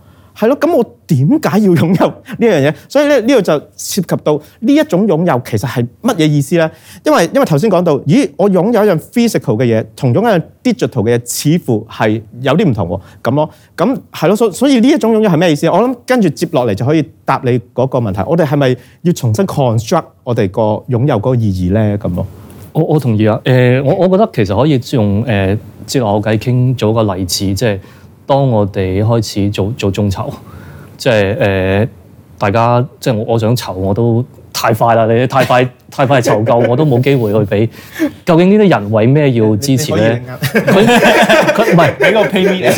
係咯，咁我點解要擁有呢樣嘢？所以咧，呢度就涉及到呢一種擁有其實係乜嘢意思咧？因為因為頭先講到，咦，我擁有一樣 physical 嘅嘢，同擁有一樣 digital 嘅嘢，似乎係有啲唔同喎，咁咯，咁係咯，所以所以呢一種擁有係咩意思？我諗跟住接落嚟就可以答你嗰個問題。我哋係咪要重新 construct 我哋個擁有嗰個意義咧？咁咯，我我同意啊。誒、呃，我我覺得其實可以用誒，即、呃、係我計傾咗個例子，即係。當我哋開始做做眾籌，即係誒、呃，大家即係我我想籌，我 <laughs> 籌，我都太快啦。你太快太快籌夠，我都冇機會去俾。究竟呢啲人為咩要支持咧？佢唔係俾個 payment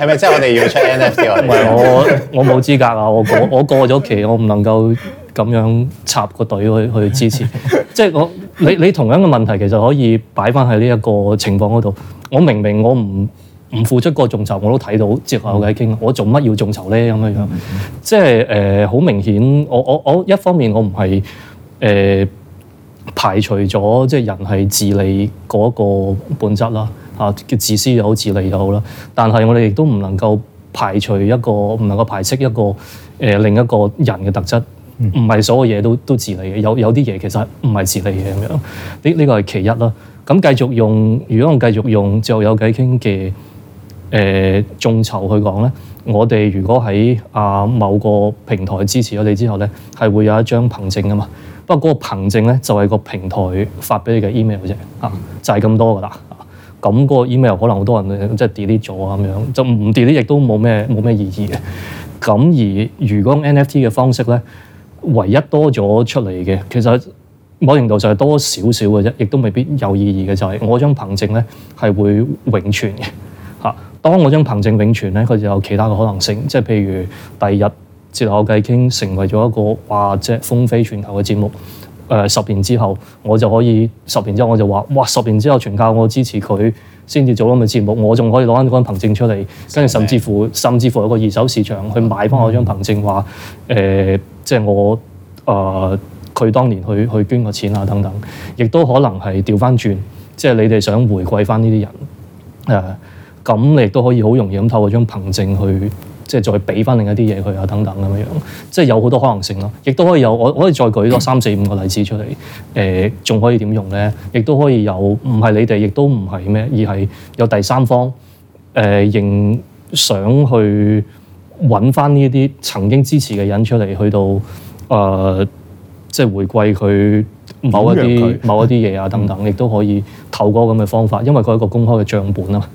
係咪？ <laughs> 即 <laughs> 係我哋要出 NFT，唔係我我冇資格啊。我過我過咗期，我唔能夠咁樣插個隊去去支持。 <laughs> 即係我你你同樣嘅問題，其實可以擺翻喺呢一個情況嗰度。我明明，明我唔。唔付出個眾籌我都睇到，接下偈傾，我做乜要眾籌咧？咁樣樣，即係誒好明顯，我我我一方面我唔係誒排除咗，即係人係自利嗰個本質啦，嚇叫自私又好，自利又好啦。但係我哋亦都唔能夠排除一個，唔能夠排斥一個誒、呃、另一個人嘅特質，唔係所有嘢都都自利嘅，有有啲嘢其實唔係自利嘅咁樣。呢呢個係其一啦。咁繼續用，如果我繼續用，就有偈傾嘅。誒、呃、眾籌去講咧，我哋如果喺啊、呃、某個平台支持咗你之後咧，係會有一張憑證噶嘛。不過嗰個憑證咧就係、是、個平台發俾你嘅 email 啫，啊就係、是、咁多噶啦。咁、啊、嗰、那個 email 可能好多人即係 delete 咗啊咁樣，就唔 delete 亦都冇咩冇咩意義嘅。咁、啊、而如果 NFT 嘅方式咧，唯一多咗出嚟嘅其實某程度就係多少少嘅啫，亦都未必有意義嘅就係、是、我張憑證咧係會永存嘅。嚇！當我張憑證永存咧，佢就有其他嘅可能性，即係譬如第二日節後計傾成為咗一個話，即係風飛全球嘅節目。誒、呃，十年之後我就可以十年之後我就話，哇！十年之後全靠我支持佢先至做咁嘅節目，我仲可以攞翻嗰張憑證出嚟，跟住甚至乎甚至乎有個二手市場去買翻我張憑證，話誒、嗯呃，即係我啊，佢、呃、當年去去捐個錢啊，等等，亦都可能係調翻轉，即係你哋想回饋翻呢啲人誒。呃咁你都可以好容易咁透過張憑證去，即係再俾翻另一啲嘢佢啊、等等咁樣，即係有好多可能性咯。亦都可以有我，我可以再舉多三四五個例子出嚟。誒、呃，仲可以點用咧？亦都可以有，唔係你哋，亦都唔係咩，而係有第三方誒，仍、呃、想去揾翻呢一啲曾經支持嘅人出嚟，去到誒、呃、即係回饋佢某一啲某一啲嘢啊、等等，亦都、嗯、可以透過咁嘅方法，因為佢係一個公開嘅帳本啊。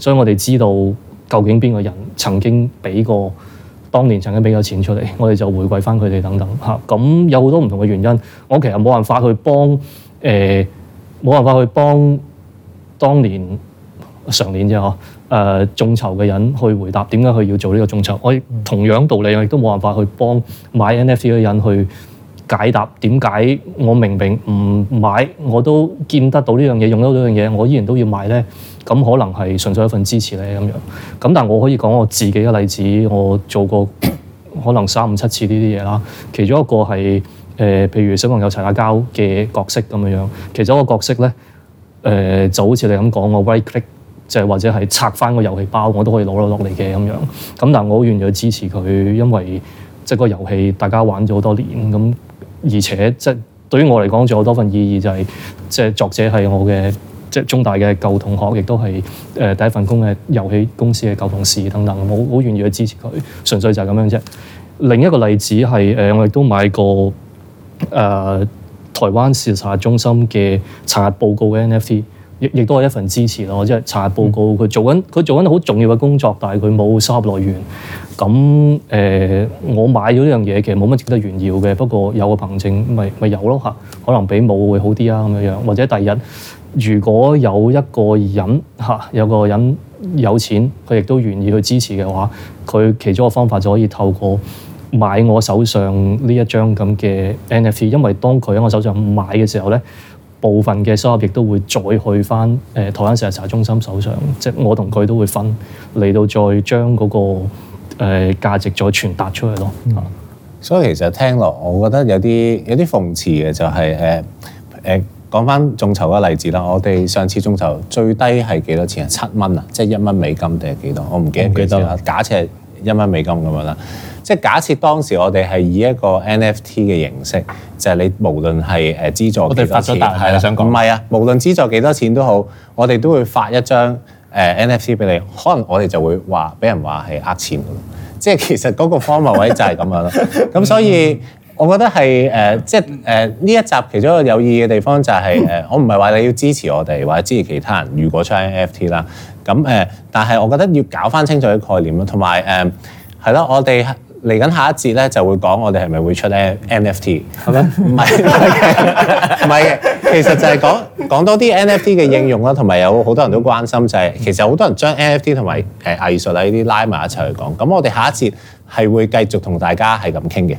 所以我哋知道究竟邊個人曾經俾過，當年曾經俾咗錢出嚟，我哋就回饋翻佢哋等等嚇。咁、啊、有好多唔同嘅原因，我其實冇辦法去幫誒，冇、呃、辦法去幫當年上年啫呵，誒、呃、眾籌嘅人去回答點解佢要做呢個眾籌。我同樣道理，我亦都冇辦法去幫買 NFT 嘅人去。解答點解我明明唔買，我都見得到呢樣嘢，用得到呢樣嘢，我依然都要買呢？咁可能係純粹一份支持呢。咁樣。咁但係我可以講我自己嘅例子，我做過 <coughs> 可能三五七次呢啲嘢啦。其中一個係誒，譬、呃、如小朋友齊打交嘅角色咁樣樣。其中一個角色呢誒、呃，就好似你咁講我 Right Click，就係或者係拆翻個遊戲包，我都可以攞落嚟嘅咁樣。咁但係我好願意去支持佢，因為即係、就是、個遊戲大家玩咗好多年咁。而且即係對於我嚟講，仲有多份意義，就係，就係作者係我嘅中大嘅舊同學，亦都係、呃、第一份工嘅遊戲公司嘅舊同事等等，我好願意去支持佢，純粹就係咁樣啫。另一個例子係、呃、我亦都買過誒、呃、台灣視察中心嘅查核報告嘅 NFT。亦亦都係一份支持咯，即係查下報告，佢、嗯、做緊佢做緊好重要嘅工作，但係佢冇收入來源。咁誒、呃，我買咗呢樣嘢，其實冇乜值得炫耀嘅。不過有個憑證，咪咪有咯嚇。可能比冇會好啲啊咁樣樣。或者第日，如果有一個人嚇有個人有錢，佢亦都願意去支持嘅話，佢其中一個方法就可以透過買我手上呢一張咁嘅 NFT。因為當佢喺我手上買嘅時候咧。部分嘅收入亦都會再去翻誒台灣事實查核中心手上，即係我同佢都會分嚟到，再將嗰個誒價值再傳達出去咯。嗯。所以其實聽落，我覺得有啲有啲諷刺嘅，就係誒誒講翻眾籌嘅例子啦。我哋上次眾籌最低係幾多錢啊？七蚊啊，即係一蚊美金定係幾多？我唔記得幾多。假設一蚊美金咁樣啦，即係假設當時我哋係以一個 NFT 嘅形式，就係、是、你無論係誒資助我哋發咗達係啦，了想講唔係啊，無論資助幾多錢都好，我哋都會發一張誒 NFT 俾你，可能我哋就會話俾人話係呃錢，即係其實嗰個方位就係咁樣咯。咁 <laughs> 所以我覺得係誒、呃，即係誒呢一集其中一個有意義嘅地方就係、是、誒， <laughs> 我唔係話你要支持我哋或者支持其他人，如果出 NFT 啦。咁誒，但係我覺得要搞返清楚啲概念咯，同埋誒係咯，我哋嚟緊下一節呢就會講我哋係咪會出咧 NFT，係咪？唔係是，唔係 <laughs> <laughs> 其實就係講講多啲 NFT 嘅應用啦，同埋 <laughs> 有好多人都關心就係、是，其實好多人將 NFT 同埋誒藝術啊呢啲拉埋一齊去講。咁我哋下一節係會繼續同大家係咁傾嘅。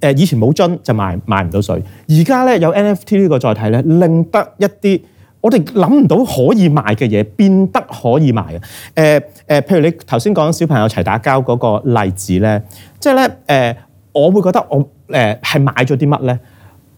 誒以前冇樽就賣賣唔到水，而家咧有 NFT 呢個載體咧，令得一啲我哋諗唔到可以賣嘅嘢變得可以賣嘅。誒誒，譬如你頭先講小朋友齊打交嗰個例子咧，即係咧誒，我會覺得我誒係買咗啲乜咧？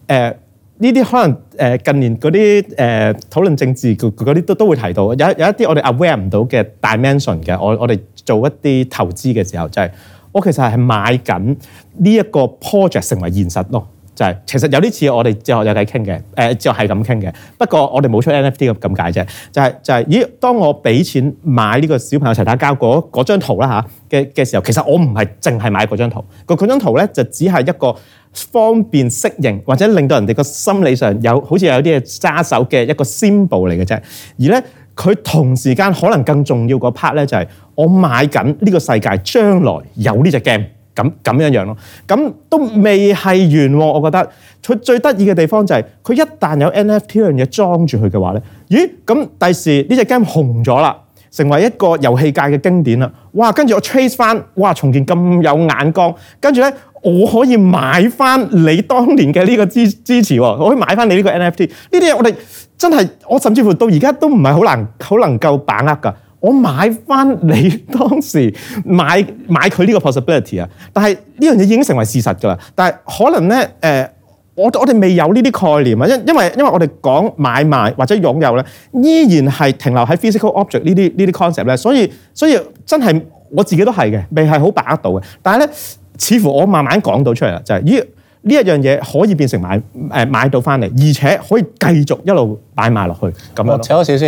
誒呢啲可能誒近年嗰啲誒討論政治嗰嗰啲都都會提到，有有一啲我哋 aware 唔到嘅 dimension 嘅，我我哋做一啲投資嘅時候就係。我其實係係買緊呢一個 project 成為現實咯，就係、是、其實有啲似我哋之後有偈傾嘅，誒之後係咁傾嘅。不過我哋冇出 NFT 咁咁解啫，就係、是、就係、是、咦，當我俾錢買呢個小朋友齊打交嗰嗰張圖啦嚇嘅嘅時候，其實我唔係淨係買嗰張圖，個嗰張圖咧就只係一個方便適應或者令到人哋個心理上有好似有啲嘢揸手嘅一個 symbol 嚟嘅啫，而咧。佢同時間可能更重要個 part 咧，就係我買緊呢個世界將來有呢隻 game 咁咁樣樣咯。咁都未係完喎、啊，我覺得佢最得意嘅地方就係、是、佢一旦有 NFT 呢樣嘢裝住佢嘅話咧，咦？咁第時呢隻 game 紅咗啦，成為一個遊戲界嘅經典啦。哇！跟住我 trace 翻，哇！重建咁有眼光，跟住咧我可以買翻你當年嘅呢個支支持，我可以買翻你呢個 NFT。呢啲嘢我哋。真係，我甚至乎到而家都唔係好難，好能夠把握㗎。我買返你當時買買佢呢個 possibility 啊，但係呢樣嘢已經成為事實㗎啦。但係可能呢，誒、呃，我我哋未有呢啲概念啊，因因為因為我哋講買賣或者擁有呢，依然係停留喺 physical object 呢啲呢啲 concept 呢。所以所以真係我自己都係嘅，未係好把握到嘅。但係呢，似乎我慢慢講到出嚟啦，就係、是呢一樣嘢可以變成買誒買到翻嚟，而且可以繼續一路擺埋落去咁咯。扯開少少，其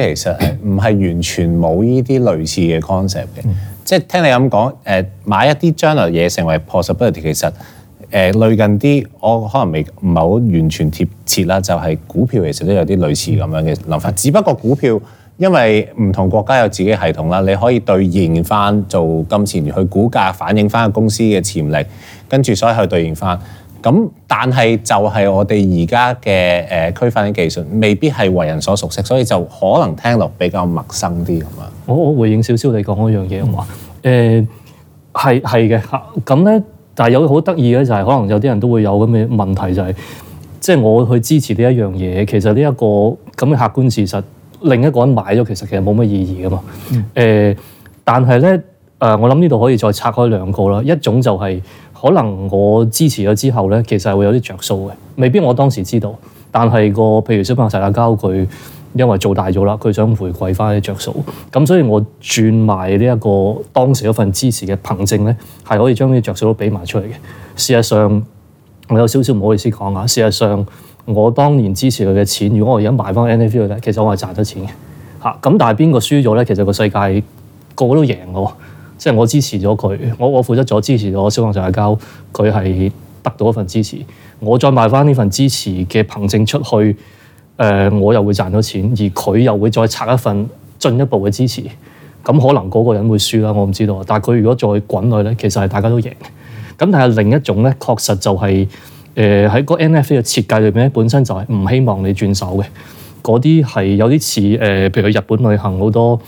實唔係完全冇呢啲類似嘅 concept 嘅？即係聽你咁講誒買一啲將來嘢成為 possibility，其實誒類近啲。我可能未唔係好完全貼切啦，就係股票其實都有啲類似咁樣嘅諗法。只不過股票因為唔同國家有自己系統啦，你可以對應翻做金錢，去股價反映翻個公司嘅潛力，跟住所以去對應翻。咁，但係就係我哋而家嘅誒區分嘅技術，未必係為人所熟悉，所以就可能聽落比較陌生啲咁啊。我我回應少少你講嗰樣嘢話，誒係係嘅。咁咧、呃啊，但係有好得意嘅就係、是，可能有啲人都會有咁嘅問題、就是，就係即係我去支持呢一樣嘢，其實呢、這、一個咁嘅客觀事實，另一個人買咗，其實其實冇乜意義噶嘛。誒、嗯呃，但係咧，誒、呃，我諗呢度可以再拆開兩個啦。一種就係、是。可能我支持咗之後咧，其實係會有啲着數嘅，未必我當時知道。但係個譬如小朋友馬石膠，佢因為做大咗啦，佢想回饋翻啲着數。咁所以我轉賣呢一個當時嗰份支持嘅憑證咧，係可以將呢啲着數都俾埋出嚟嘅。事實上我有少少唔好意思講啊，事實上我當年支持佢嘅錢，如果我而家賣翻 NFT 咧，其實我係賺得錢嘅嚇。咁、啊、但係邊個輸咗咧？其實個世界個個都贏嘅喎。即係我支持咗佢，我我負責咗支持咗消防局阿交，佢係得到一份支持，我再賣翻呢份支持嘅憑證出去，誒、呃、我又會賺到錢，而佢又會再拆一份進一步嘅支持，咁可能嗰個人會輸啦，我唔知道。但係佢如果再滾落咧，其實係大家都贏。咁但係另一種咧，確實就係誒喺個 NFT 嘅設計裏邊咧，本身就係唔希望你轉手嘅。嗰啲係有啲似誒，譬如去日本旅行好多。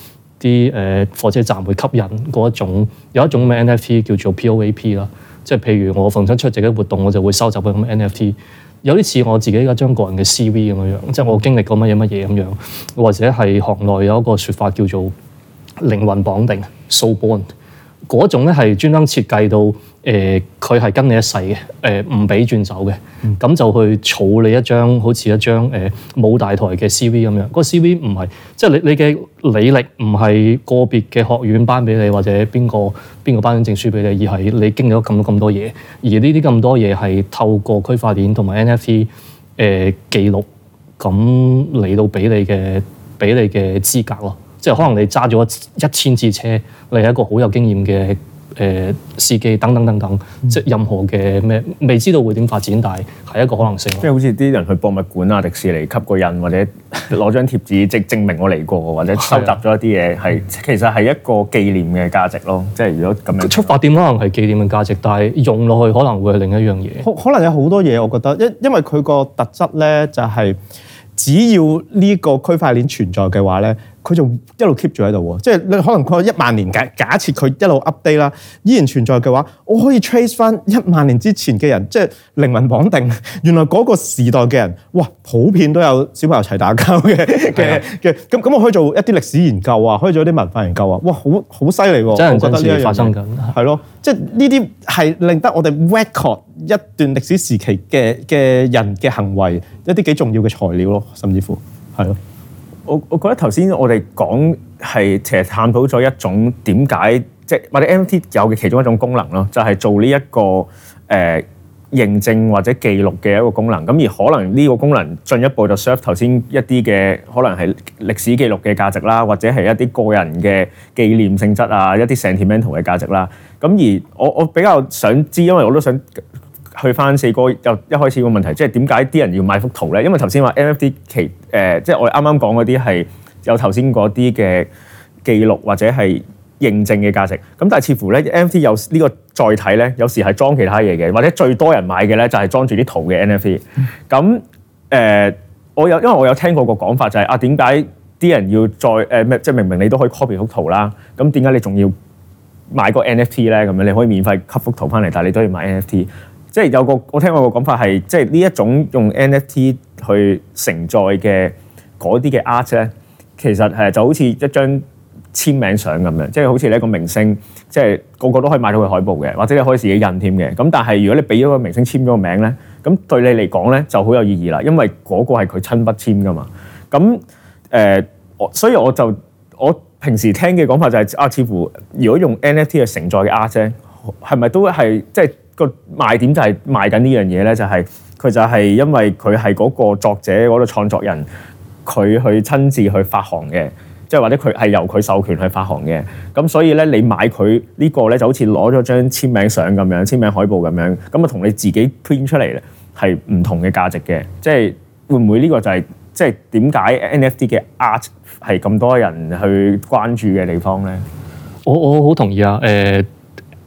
啲誒火車站會吸引嗰一種，有一種咩 NFT 叫做 POAP 啦，即係譬如我逢親出席嘅活動，我就會收集嘅咁嘅 NFT，有啲似我自己一張個人嘅 CV 咁樣樣，即係我經歷過乜嘢乜嘢咁樣，或者係行內有一個說法叫做靈魂綁定 Soulbound 嗰種咧係專登設計到，誒佢係跟你一世嘅，誒唔俾轉手嘅，咁、嗯、就去儲你一張好似一張誒冇、呃、大台嘅 CV 咁樣。個 CV 唔係，即係你你嘅履歷唔係個別嘅學院頒俾你或者邊個邊個頒證書俾你，而係你經歷咗咁多咁多嘢，而呢啲咁多嘢係透過區塊鏈同埋 NFT 誒、呃、記錄，咁嚟到俾你嘅俾你嘅資格咯。即係可能你揸咗一千次車，你係一個好有經驗嘅誒司機，等等等等，即係任何嘅咩，未知道會點發展，但係係一個可能性。即係好似啲人去博物館啊、迪士尼吸，吸個印或者攞張貼紙，即係證明我嚟過，或者收集咗一啲嘢，係的其實係一個紀念嘅價值咯。即係如果咁樣，出發點可能係紀念嘅價值，但係用落去可能會係另一樣嘢。可能有好多嘢，我覺得，因因為佢個特質咧，就係只要呢個區塊鏈存在嘅話咧。佢就一路 keep 住喺度喎，即係你可能佢話一萬年，假假設佢一路 update 啦，依然存在嘅話，我可以 trace 返一萬年之前嘅人，即係靈魂綁定，原來嗰個時代嘅人，哇，普遍都有小朋友一齊打交嘅嘅嘅，咁咁我可以做一啲歷史研究啊，可以做一啲文化研究啊，哇，好好犀利喎！啊、真係好似發生緊，係咯，即係呢啲係令得我哋 record 一段歷史時期嘅嘅人嘅行為，一啲幾重要嘅材料咯，甚至乎係咯。我我覺得頭先我哋講，係其實探討咗一種點解，即係或者 NFT 有嘅其中一種功能咯，就係做呢一個誒認證或者記錄嘅一個功能。咁而可能呢個功能進一步就 serve 頭先一啲嘅，可能係歷史記錄嘅價值啦，或者係一啲個人嘅紀念性質啊，一啲 sentimental 嘅價值啦。咁而我我比較想知，因為我都想。去翻四哥又一開始個問題，即係點解啲人要買幅圖咧？因為頭先話 NFT 其、呃、誒，即、就、係、是、我啱啱講嗰啲係有頭先嗰啲嘅記錄或者係認證嘅價值。咁但係似乎咧，NFT 有呢個載體咧，有時係裝其他嘢嘅，或者最多人買嘅咧就係裝住啲圖嘅 NFT。咁誒、嗯呃，我有因為我有聽過個講法、就是，就係啊點解啲人要再誒咩、呃？即係明明你都可以 copy 幅圖啦，咁點解你仲要買個 NFT 咧？咁樣你可以免費吸幅圖翻嚟，但係你都要買 NFT，即係有個我聽過個講法係，即係呢一種用 NFT 去承載嘅嗰啲嘅 art 咧，其實係就好似一張簽名相咁樣，即係好似一個明星，即係個個都可以買到佢海報嘅，或者你可以自己印添嘅。咁但係如果你俾咗個明星簽咗個名咧，咁對你嚟講咧就好有意義啦，因為嗰個係佢親筆簽㗎嘛。咁誒，我、呃、所以我就我平時聽嘅講法就係、是、啊，似乎如果用 NFT 去承載嘅 art 咧，係咪都係即係？個賣點就係賣緊呢樣嘢咧，就係、是、佢就係因為佢係嗰個作者嗰個、那個、創作人，佢去親自去發行嘅，即係或者佢係由佢授權去發行嘅。咁所以咧，你買佢呢、這個咧就好似攞咗張簽名相咁樣、簽名海報咁樣，咁啊同你自己 print 出嚟咧係唔同嘅價值嘅。即係會唔會呢個就係即係點解 NFT 嘅 art 係咁多人去關注嘅地方咧？我我好同意啊，誒、呃。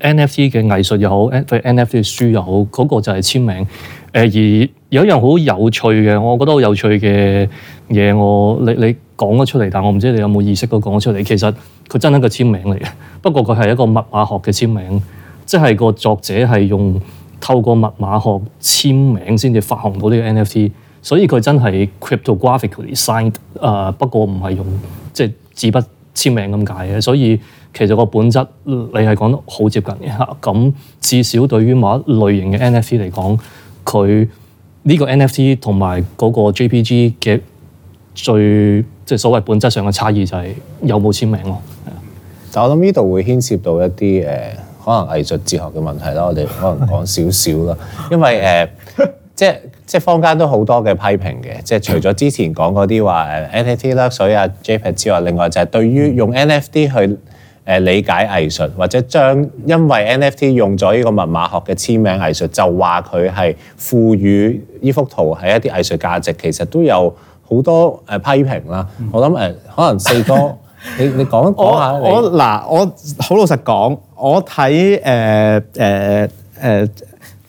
NFT 嘅藝術又好，NFT 嘅書又好，嗰、那個就係簽名。誒、呃、而有一樣好有趣嘅，我覺得好有趣嘅嘢，我你你講咗出嚟，但我唔知你有冇意識到講出嚟。其實佢真係一個簽名嚟嘅，不過佢係一個密碼學嘅簽名，即、就、係、是、個作者係用透過密碼學簽名先至發行到呢個 NFT，所以佢真係 cryptographically signed、呃。誒不過唔係用即係紙筆簽名咁解嘅，所以。其實個本質，你係講得好接近嘅嚇。咁至少對於某一類型嘅 NFT 嚟講，佢呢個 NFT 同埋嗰個 JPG 嘅最即係所謂本質上嘅差異，就係有冇簽名咯。但我諗呢度會牽涉到一啲誒、呃，可能藝術哲學嘅問題啦。我哋可能講少少啦， <laughs> 因為誒、呃，即係即係坊間都好多嘅批評嘅，即係除咗之前講嗰啲話誒 NFT 啦，FT，所以阿 JPG 之外，另外就係對於用 NFT 去。誒理解藝術，或者將因為 NFT 用咗呢個密碼學嘅簽名藝術，就話佢係賦予呢幅圖係一啲藝術價值，其實都有好多誒批評啦。嗯、我諗誒、呃，可能四哥， <laughs> 你你講一講下。我嗱，我好老實講，我睇誒誒誒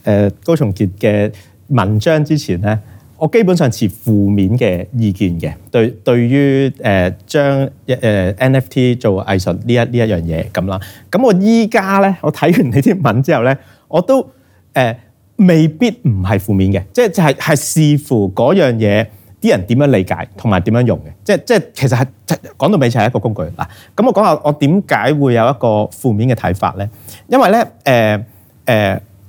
誒高重建嘅文章之前咧。我基本上持負面嘅意見嘅，對對於誒將一誒 NFT 做藝術呢一呢一樣嘢咁啦。咁我依家咧，我睇完你啲文之後咧，我都誒、呃、未必唔係負面嘅，即係就係係視乎嗰樣嘢啲人點樣理解同埋點樣用嘅。即即係其實係講到尾就係一個工具嗱。咁我講下我點解會有一個負面嘅睇法咧，因為咧誒誒。呃呃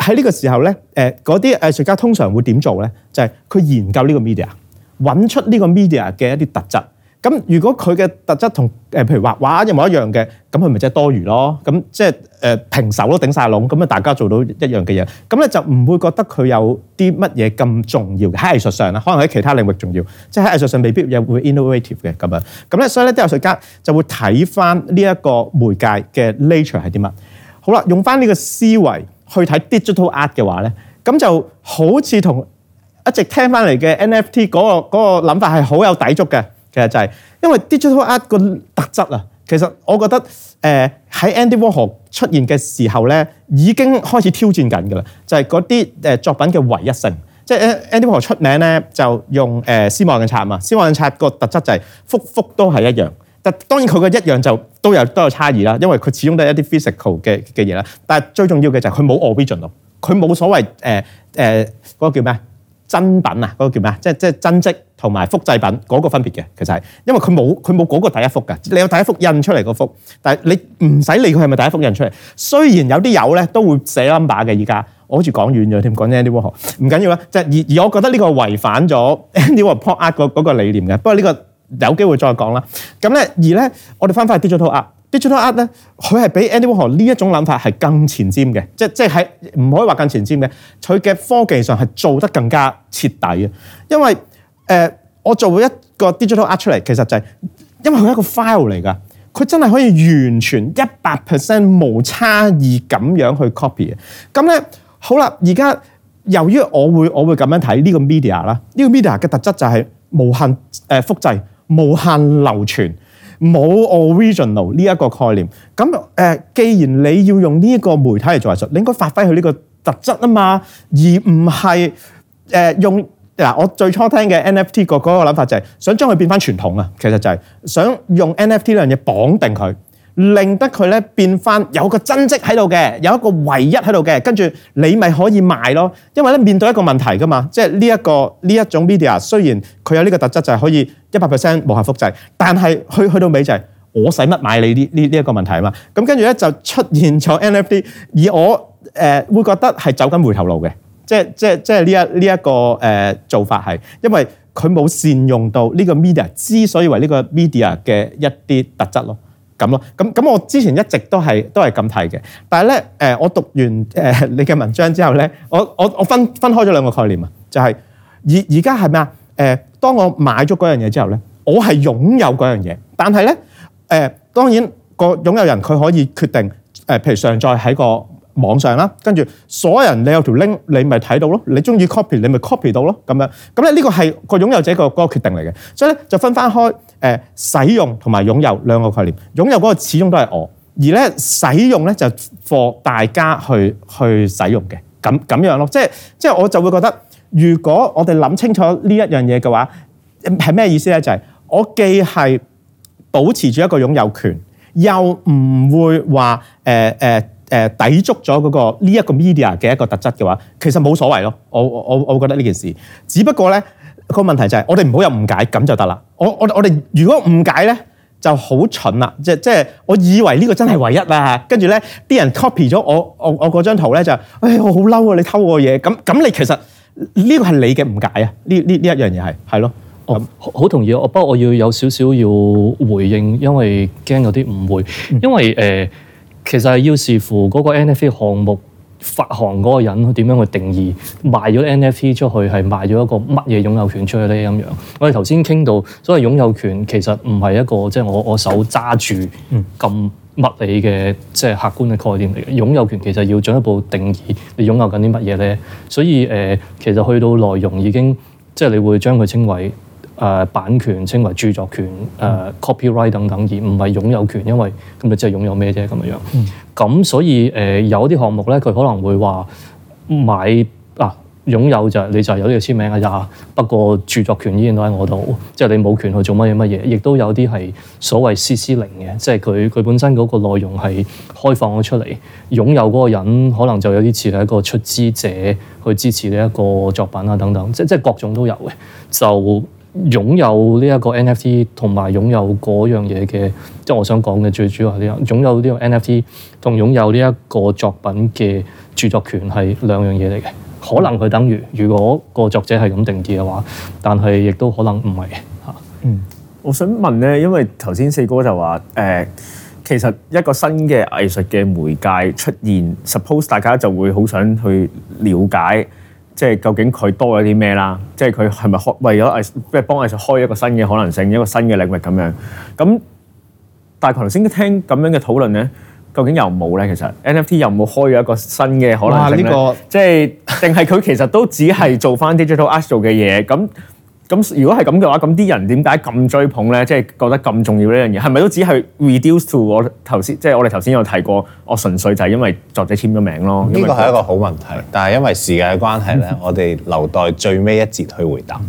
喺呢個時候咧，誒嗰啲藝術家通常會點做咧？就係佢研究呢個 media，揾出呢個 media 嘅一啲特質。咁如果佢嘅特質同誒，譬如畫畫一模一樣嘅，咁佢咪即係多餘咯？咁即係誒平手都頂曬籠咁啊！大家做到一樣嘅嘢咁咧，就唔會覺得佢有啲乜嘢咁重要嘅喺藝術上啦。可能喺其他領域重要，即係喺藝術上未必有會 innovative 嘅咁樣咁咧。所以咧，啲藝術家就會睇翻呢一個媒介嘅 nature 係啲乜啊。好啦，用翻呢個思維。去睇 digital art 嘅話咧，咁就好似同一直聽翻嚟嘅 NFT 嗰、那個嗰、那個諗法係好有抵觸嘅。其實就係、是、因為 digital art 個特質啊，其實我覺得誒喺、呃、Andy Warhol、ah、出現嘅時候咧，已經開始挑戰緊㗎喇。就係嗰啲誒作品嘅唯一性，即、就、係、是、Andy Warhol、ah、出名咧就用誒絲網印刷啊。絲網印刷個特質就係幅幅都係一樣，但當然佢嘅一樣就。都有都有差異啦，因為佢始終都係一啲 physical 嘅嘅嘢啦。但係最重要嘅就係佢冇 original 咯，佢冇所謂誒誒嗰個叫咩真品啊，嗰個叫咩即係即係真跡同埋複製品嗰個分別嘅其實係，因為佢冇佢冇嗰個第一幅嘅，你有第一幅印出嚟嗰幅，但係你唔使理佢係咪第一幅印出嚟。雖然有啲有咧都會寫 number 嘅，而家我好似講遠咗添，講 Andy Warhol 唔緊要啦，就而而我覺得呢個違反咗 Andy Warhol 嗰個理念嘅。不過呢個。有機會再講啦。咁咧，而咧，我哋翻翻 digital art，digital art 咧，佢係比 anyone 呢一種諗法係更前瞻嘅，即即喺唔可以話更前瞻嘅，佢嘅科技上係做得更加徹底嘅。因為誒、呃，我做一個 digital art 出嚟，其實就係、是、因為佢係一個 file 嚟噶，佢真係可以完全一百 percent 無差異咁樣去 copy 嘅。咁咧，好啦，而家由於我會我會咁樣睇呢個 media 啦，呢、這個 media 嘅特質就係無限誒複製。無限流傳，冇 original 呢一個概念。咁誒、呃，既然你要用呢一個媒體嚟做藝術，你應該發揮佢呢個特質啊嘛，而唔係誒用嗱、啊、我最初聽嘅 NFT 嗰嗰個諗法就係、是、想將佢變翻傳統啊，其實就係想用 NFT 呢樣嘢綁定佢。令得佢咧變翻有個增值喺度嘅，有一個唯一喺度嘅，跟住你咪可以賣咯。因為咧面對一個問題㗎嘛，即係呢一個呢一種 media 雖然佢有呢個特質，就係可以一百 percent 無限複製，但係去去到尾就係我使乜買你呢？呢呢一個問題啊嘛。咁跟住咧就出現咗 NFT，而我誒會覺得係走緊回頭路嘅，即係即係即係呢一呢一個誒做法係，因為佢冇善用到呢個 media 之所以為呢個 media 嘅一啲特質咯。咁咯，咁咁我之前一直都係都係咁睇嘅，但係咧誒，我讀完誒你嘅文章之後咧，我我我分分開咗兩個概念啊，就係而而家係咩啊？誒，當我買咗嗰樣嘢之後咧，我係擁有嗰樣嘢，但係咧誒，當然個擁有人佢可以決定誒，譬如上載喺個。網上啦，跟住所有人你有條 link，你咪睇到咯。你中意 copy，你咪 copy 到咯。咁樣咁咧，呢個係個擁有者個嗰、那個決定嚟嘅。所以咧就分返開誒、呃、使用同埋擁有兩個概念。擁有嗰個始終都係我，而咧使用咧就畀大家去去使用嘅。咁咁樣咯，即係即係我就會覺得，如果我哋諗清楚呢一樣嘢嘅話，係咩意思咧？就係、是、我既係保持住一個擁有權，又唔會話誒誒。呃呃誒抵觸咗嗰個呢一個 media 嘅、這個、一個特質嘅話，其實冇所謂咯。我我我覺得呢件事，只不過咧個問題就係我哋唔好有誤解咁就得啦。我我我哋如果誤解咧，就好蠢啦。即即係我以為呢個真係唯一啦，跟住咧啲人 copy 咗我我我嗰張圖咧就，哎我好嬲啊！你偷我嘢，咁咁你其實呢、這個係你嘅誤解啊！呢呢呢一樣嘢係係咯，我好同意我不過我要有少少要回應，因為驚有啲誤會，因為誒。其實係要視乎嗰個 NFT 項目發行嗰個人點樣去定義賣咗 NFT 出去係賣咗一個乜嘢擁有權出去咧咁樣。我哋頭先傾到，所謂擁有權其實唔係一個即係、就是、我我手揸住咁物理嘅即係客觀嘅概念嚟。嘅、嗯。擁有權其實要進一步定義你擁有緊啲乜嘢咧。所以誒、呃，其實去到內容已經即係、就是、你會將佢稱為。誒、uh, 版權稱為著作權，誒、uh, copyright maintenance 等等，而唔係擁有權，因為咁你即係擁有咩啫，咁樣。咁所以誒有啲項目咧，佢可能會話買嗱擁有就係、是、你就係有呢個簽名啊，就不過著作權依然都喺我度， <music> 即係你冇權去做乜嘢乜嘢。亦都有啲係所謂 CC 零嘅，即係佢佢本身嗰個內容係開放咗出嚟，擁有嗰個人可能就有啲似係一個出資者去支持你一個作品啊等等，即即係各種都有嘅就。擁有呢一個 NFT 同埋擁有嗰樣嘢嘅，即係我想講嘅最主要係呢樣。擁有呢個 NFT 同擁有呢一個作品嘅著作權係兩樣嘢嚟嘅，可能佢等於，如果個作者係咁定義嘅話，但係亦都可能唔係嚇。嗯，我想問咧，因為頭先四哥就話誒、呃，其實一個新嘅藝術嘅媒介出現，suppose 大家就會好想去了解。即係究竟佢多咗啲咩啦？即係佢係咪開為咗藝術，即係幫藝術開一個新嘅可能性，一個新嘅領域咁樣？咁大概頭先聽咁樣嘅討論咧，究竟有冇咧？其實 NFT 有冇開咗一個新嘅可能？哇！呢個即係定係佢其實都只係做翻 digital art 做嘅嘢咁。咁如果係咁嘅話，咁啲人點解咁追捧咧？即係覺得咁重要呢樣嘢，係咪都只係 reduce to 我頭先，即係我哋頭先有提過，我純粹就係因為作者簽咗名咯。呢個係一個好問題，是但係因為時間嘅關係咧， <laughs> 我哋留待最尾一節去回答。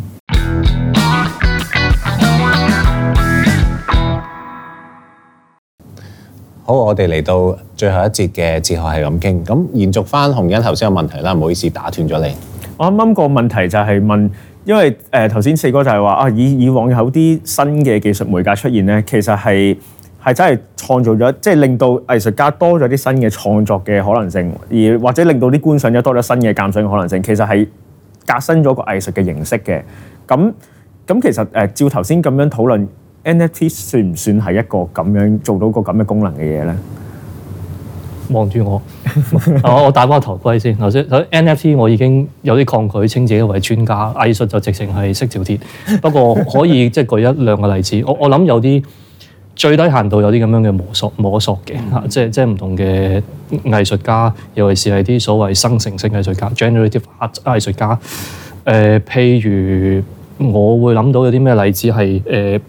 <noise> 好，我哋嚟到最後一節嘅哲學係咁傾。咁延續翻洪恩頭先嘅問題啦，唔好意思打斷咗你。我啱啱個問題就係問。因為誒頭先四哥就係話啊，以以往有啲新嘅技術媒介出現咧，其實係係真係創造咗，即係令到藝術家多咗啲新嘅創作嘅可能性，而或者令到啲觀賞者多咗新嘅鑒賞嘅可能性，其實係革新咗個藝術嘅形式嘅。咁咁其實誒、呃、照頭先咁樣討論 NFT 算唔算係一個咁樣做到個咁嘅功能嘅嘢咧？望住我， <laughs> 我戴翻頭盔先。頭先，NFT 我已經有啲抗拒稱自己為專家，藝術就直情係識條鐵。不過可以即係、就是、舉一兩個例子，我我諗有啲最低限度有啲咁樣嘅摸索摸索嘅、啊，即係即係唔同嘅藝術家，尤其是係啲所謂生成性藝術家 （generative art） 藝術家。誒、呃，譬如我會諗到有啲咩例子係誒？呃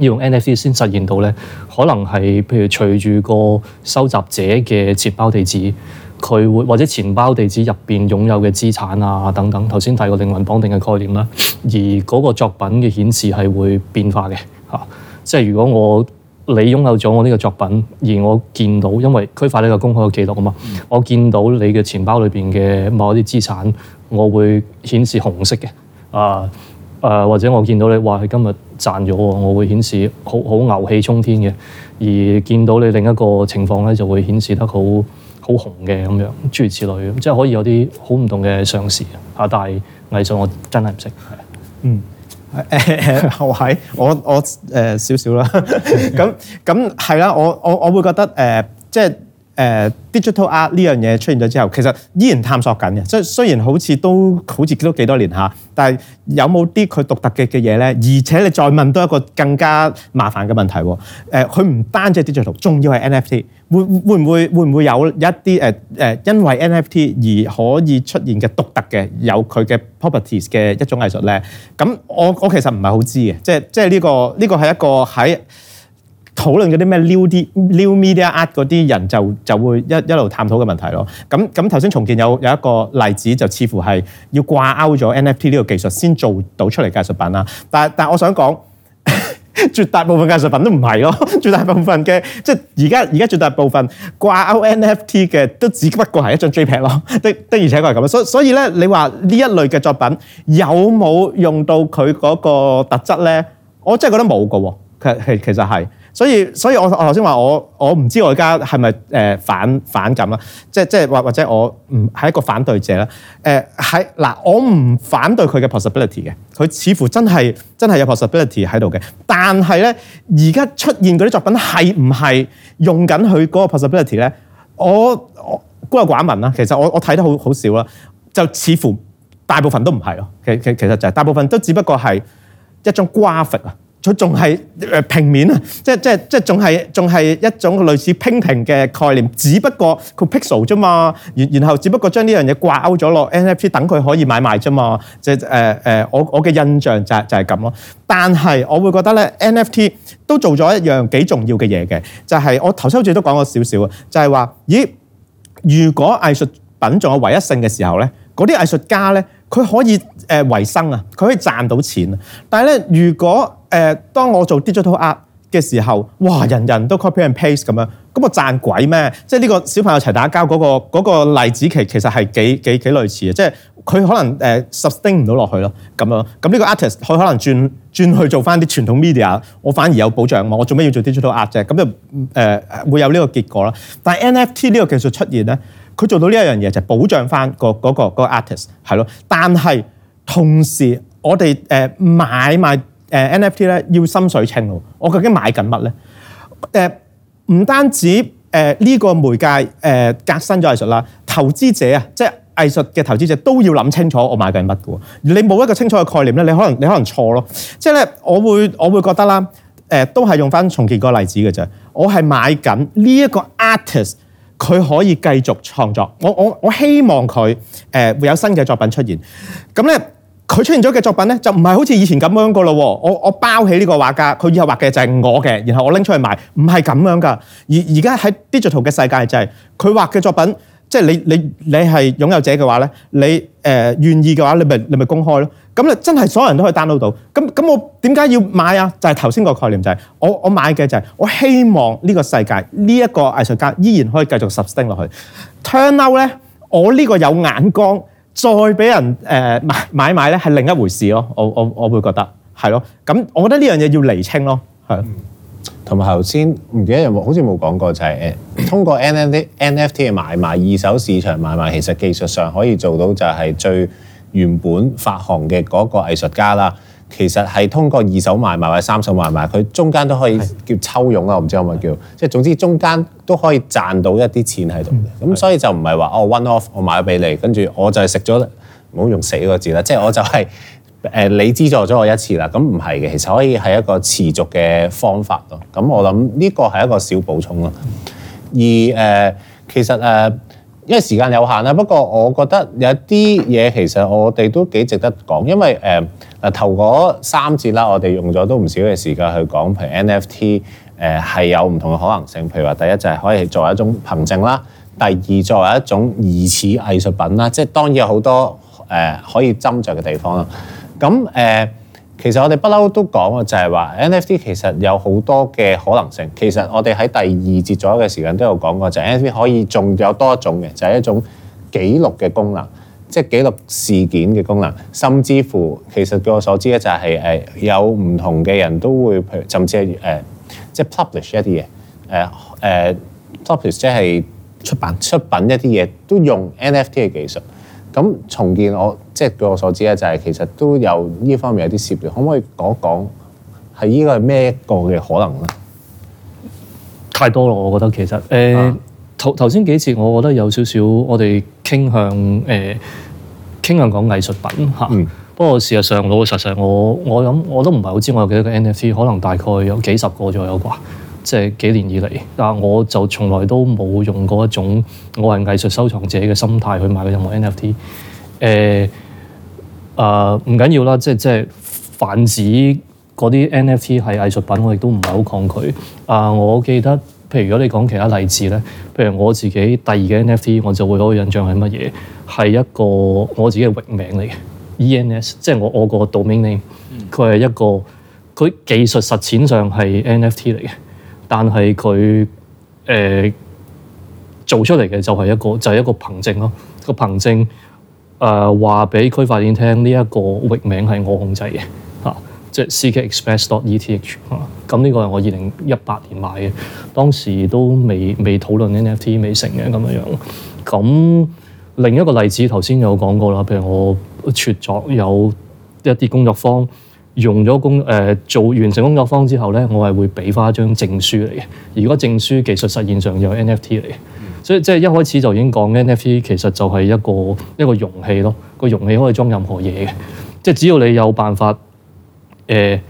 要用 NFT 先實現到咧，可能係譬如隨住個收集者嘅錢包地址，佢會或者錢包地址入邊擁有嘅資產啊等等。頭先提過靈魂綁定嘅概念啦，而嗰個作品嘅顯示係會變化嘅嚇、啊。即係如果我你擁有咗我呢個作品，而我見到，因為區塊鏈嘅公開嘅記錄啊嘛，我見到你嘅錢包裏邊嘅某一啲資產，我會顯示紅色嘅啊。誒或者我見到你話佢今日賺咗，我會顯示好好牛氣沖天嘅；而見到你另一個情況咧，就會顯示得好好紅嘅咁樣，諸如此類，即係可以有啲好唔同嘅嘗試啊！但係藝術我真係唔識，嗯誒，我係我我誒少少啦，咁咁係啦，我我我會覺得誒即係。誒 digital art 呢樣嘢出現咗之後，其實依然探索緊嘅。雖雖然好似都好似都幾多年吓，但係有冇啲佢獨特嘅嘅嘢咧？而且你再問多一個更加麻煩嘅問題喎。誒，佢唔單止係 digital，仲要係 NFT。會會唔會會唔會有有一啲誒誒，因為 NFT 而可以出現嘅獨特嘅有佢嘅 properties 嘅一種藝術咧？咁我我其實唔係好知嘅，即係即係呢個呢個係一個喺。討論嗰啲咩，new 啲 new mediaart 嗰啲人就就會一一路探討嘅問題咯。咁咁頭先重建有有一個例子，就似乎係要掛鈎咗 NFT 呢個技術先做到出嚟嘅藝術品啦。但係但係，我想講絕大部分嘅藝術品都唔係咯，絕大部分嘅即係而家而家絕大部分掛鈎 NFT 嘅都只不過係一張 JPEG 咯。的的而且確係咁啊，所所以咧，你話呢一類嘅作品有冇用到佢嗰個特質咧？我真係覺得冇噶喎，其其其實係。所以，所以我我頭先話我我唔知我而家係咪誒反反感啦，即即或或者我唔係一個反對者啦。誒喺嗱，我唔反對佢嘅 possibility 嘅，佢似乎真係真係有 possibility 喺度嘅。但係咧，而家出現嗰啲作品係唔係用緊佢嗰個 possibility 咧？我我孤陋寡聞啦，其實我我睇得好好少啦，就似乎大部分都唔係咯。其其其實就係、是、大部分都只不過係一張瓜啊！佢仲係誒平面啊，即即即仲係仲係一種類似 painting 嘅概念，只不過佢 pixel 啫嘛，然然後只不過將呢樣嘢掛鈎咗落 NFT，等佢可以買賣啫嘛。即誒誒，我我嘅印象就就係咁咯。但係我會覺得咧，NFT 都做咗一樣幾重要嘅嘢嘅，就係我頭先好似都講過少少啊，就係話，咦，如果藝術品仲有唯一性嘅時候咧，嗰啲藝術家咧。佢可以誒維、呃、生啊，佢可以賺到錢啊。但係咧，如果誒、呃、當我做 digital art 嘅時候，哇，人人都 copy and paste 咁樣，咁我賺鬼咩？即係呢個小朋友一齊打交嗰、嗰個嗰個例子，其其實係幾幾幾類似嘅。即係佢可能誒 sustain 唔到落去咯，咁樣。咁呢個 artist 佢可能轉轉去做翻啲傳統 media，我反而有保障啊嘛。我做咩要做 digital art 啫？咁就誒、呃、會有呢個結果啦。但係 NFT 呢個技術出現咧。佢做到呢一樣嘢就係、保障翻、嗰個嗰、嗰個 artist 係咯，但係同時我哋誒、呃、買埋誒、呃、NFT 咧要心水清喎，我究竟買緊乜咧？誒、呃、唔單止誒呢、呃呢個媒介誒、呃、革新咗藝術啦，投資者啊，即係藝術嘅投資者都要諗清楚我買緊乜嘅，你冇一個清楚嘅概念咧，你可能你可能錯咯。即係咧，我會我會覺得啦，誒、呃、都係用翻重建個例子嘅啫。我係買緊呢一個 artist。佢可以繼續創作，我我我希望佢誒、呃、會有新嘅作品出現。咁咧，佢出現咗嘅作品咧，就唔係好似以前咁樣個咯。我我包起呢個畫家，佢以後畫嘅就係我嘅，然後我拎出去賣，唔係咁樣噶。而而家喺 digital 嘅世界就係、是、佢畫嘅作品，即、就、係、是、你你你係擁有者嘅話咧，你誒願意嘅話，你咪、呃、你咪公開咯。咁咧真係所有人都可以 download 到？咁，咁我點解要買啊？就係頭先個概念就係我我買嘅就係我希望呢個世界呢一個藝術家依然可以繼續上升落去。Turn out 咧，我呢個有眼光，再俾人誒買買咧係另一回事咯。我我我會覺得係咯。咁我覺得呢樣嘢要釐清咯，係。同埋頭先唔記得有冇好似冇講過就係誒通過 NFT NFT 嘅買賣二手市場買賣，其實技術上可以做到就係最原本發行嘅嗰個藝術家啦，其實係通過二手買賣或者三手買賣，佢中間都可以叫抽傭啦，是的 我唔知可唔可以叫，即係是的 總之中間都可以賺到一啲錢喺度嘅，咁是的 所以就唔係話哦 one off 我買咗俾你，跟住我就係食咗，唔好用死個字啦，即、就、係、是、我就係、是、誒你資助咗我一次啦，咁唔係嘅，其實可以係一個持續嘅方法咯，咁我諗呢個係一個小補充咯，而誒、呃、其實誒。呃因為時間有限啦，不過我覺得有一啲嘢其實我哋都幾值得講，因為誒嗱、呃、頭嗰三節啦，我哋用咗都唔少嘅時間去講，譬如 NFT 誒、呃、係有唔同嘅可能性，譬如話第一就係、是、可以作為一種憑證啦，第二作為一種疑似藝術品啦，即係當然有好多誒、呃、可以斟酌嘅地方咯。咁誒。呃其實我哋不嬲都講過，就係話 NFT 其實有好多嘅可能性。其實我哋喺第二節左右嘅時間都有講過，就係 NFT 可以仲有多一種嘅，就係一種記錄嘅功能，即係記錄事件嘅功能，甚至乎其實據我所知咧，就係誒有唔同嘅人都會，譬如，甚至係誒即係 publish 一啲嘢，誒誒 publish 即係出版出品一啲嘢都用 NFT 嘅技術，咁重建我。即係據我所知咧，就係、是、其實都有呢方面有啲涉獵，可唔可以講一講係呢個係咩一個嘅可能咧？太多啦，我覺得其實誒頭頭先幾次我覺得有少少我哋傾向誒、呃、傾向講藝術品嚇。不、啊、過、嗯、事實上老老實實，我我諗我都唔係好知我有幾多個 NFT，可能大概有幾十個左右啩。即、就、係、是、幾年以嚟，但係我就從來都冇用過一種我係藝術收藏者嘅心態去買嘅任何 NFT 誒、呃。誒唔緊要啦，即係即係泛指嗰啲 NFT 係藝術品，我亦都唔係好抗拒。啊、呃，我記得，譬如如果你講其他例子咧，譬如我自己第二嘅 NFT，我就會有個印象係乜嘢？係一個我自己嘅域名嚟嘅 ENS，即係我我個 domain name，佢係一個佢技術實踐上係 NFT 嚟嘅，但係佢誒做出嚟嘅就係一個就係、係、一個憑證咯，個憑證。誒話俾區塊鏈聽，呢、這、一個域名係我控制嘅。嚇、啊，即係 c k express dot e t h 嚇、啊。咁、這、呢個係我二零一八年買嘅，當時都未未討論 N F T 未成嘅咁樣樣。咁、啊、另一個例子，頭先有講過啦，譬如我創作有一啲工作坊，用咗工誒、呃、做完成工作坊之後咧，我係會俾翻一張證書嚟嘅。而個證書技術實現上有 N F T 嚟嘅。所以即係、就是、一開始就已經講 NFT 其實就係一個一個容器咯，個容器可以裝任何嘢嘅。即只要你有辦法、呃、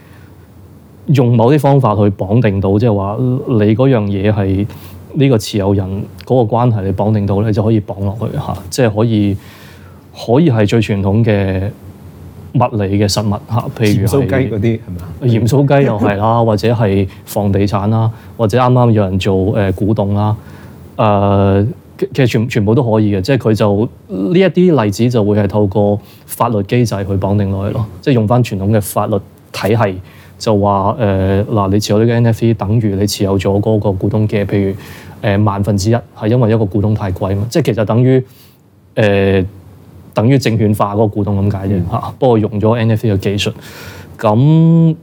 用某啲方法去綁定到，即係話你嗰樣嘢係呢個持有人嗰個關係，你綁定到咧就可以綁落去嚇、啊，即係可以可以係最傳統嘅物理嘅實物嚇、啊，譬如鹽酥雞啲係鹽酥雞又係啦，或者係房地產啦，或者啱啱有人做誒、呃、古董啦。啊。誒、呃、其實全全部都可以嘅，即係佢就呢一啲例子就會係透過法律機制去綁定落去咯，即係用翻傳統嘅法律體系，就話誒嗱，你持有呢個 NFT 等於你持有咗嗰個股東嘅，譬如誒、呃、萬分之一，係因為一個股東太貴嘛，即係其實等於誒、呃、等於證券化嗰個股東咁解啫嚇，不過用咗 NFT 嘅技術，咁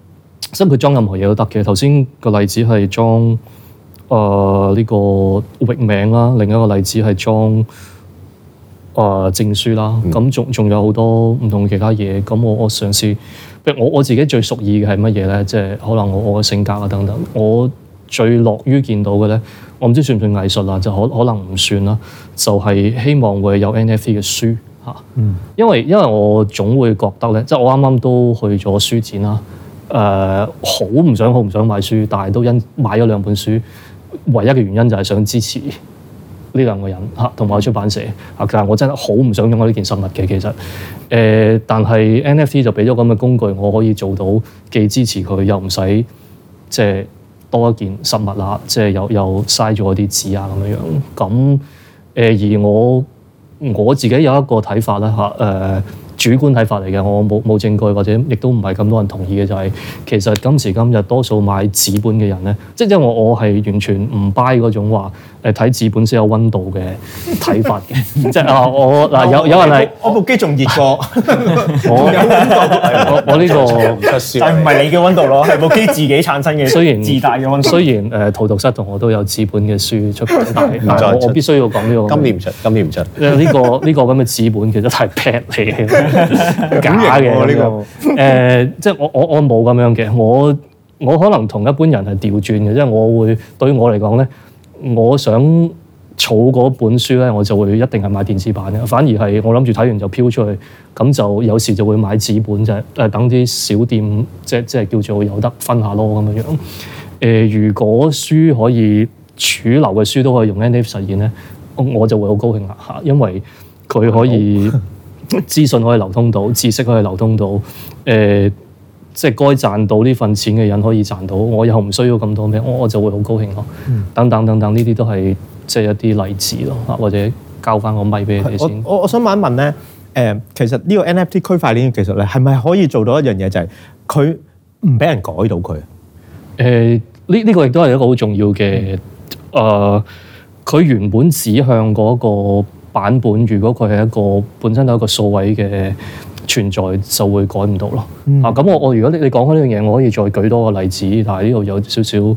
即係佢裝任何嘢都得嘅。頭先個例子係裝。誒呢、uh, 這個域名啦，man, 另一個例子係裝誒證書啦，咁仲仲有好多唔同其他嘢。咁我我嘗試，即係我我自己最熟意嘅係乜嘢咧？即、就、係、是、可能我我嘅性格啊等等，我最樂於見到嘅咧，我唔知算唔算藝術啦，就可可能唔算啦，就係、是、希望會有 NFT 嘅書嚇，啊嗯、因為因為我總會覺得咧，即、就、係、是、我啱啱都去咗書展啦，誒好唔想好唔想買書，但係都因買咗兩本書。唯一嘅原因就係想支持呢兩個人嚇，同埋出版社嚇，但係我真係好唔想擁有呢件實物嘅其實，誒、呃，但係 NFT 就俾咗咁嘅工具，我可以做到既支持佢又唔使即係多一件實物啦，即係又又嘥咗啲紙啊咁樣樣。咁、呃、誒，而我我自己有一個睇法啦嚇，誒、呃。主觀睇法嚟嘅，我冇冇證據，或者亦都唔係咁多人同意嘅，就係、是、其實今時今日多數買紙本嘅人咧，即係因為我係完全唔 buy 嗰種話。誒睇紙本先有温度嘅睇法嘅，即係啊！我嗱有有人係，我部機仲熱過我，有温度，我呢個出書就唔係你嘅温度咯，係部機自己產生嘅自帶嘅温度。雖然誒，荼毒室同我都有紙本嘅書出，但係我必須要講呢個今年唔出，今年唔出。呢個呢個咁嘅紙本其實太劈你。嚟假嘅呢個誒，即係我我我冇咁樣嘅，我我可能同一般人係調轉嘅，即係我會對於我嚟講咧。我想儲嗰本書呢，我就會一定係買電子版嘅。反而係我諗住睇完就飄出去，咁就有時就會買紙本就係、呃、等啲小店即即係叫做有得分下咯咁樣樣。誒、呃、如果書可以主流嘅書都可以用 NFT 實現咧，我就會好高興啊，因為佢可以 <laughs> 資訊可以流通到，知識可以流通到，誒、呃。即係該賺到呢份錢嘅人可以賺到，我又唔需要咁多咩，我我就會好高興咯、嗯。等等等等，呢啲都係即係一啲例子咯，或者交翻個咪俾你先。我我，我想問一問咧，誒、呃，其實呢個 NFT 區塊鏈其實咧，係咪可以做到一樣嘢，就係佢唔俾人改到佢？誒、呃，呢、這、呢個亦都係一個好重要嘅，誒、嗯呃，佢原本指向嗰個版本，如果佢係一個本身都係一個數位嘅。存在就會改唔到咯。嗯、啊，咁我我如果你你講開呢樣嘢，我可以再舉多個例子。但係呢度有少少，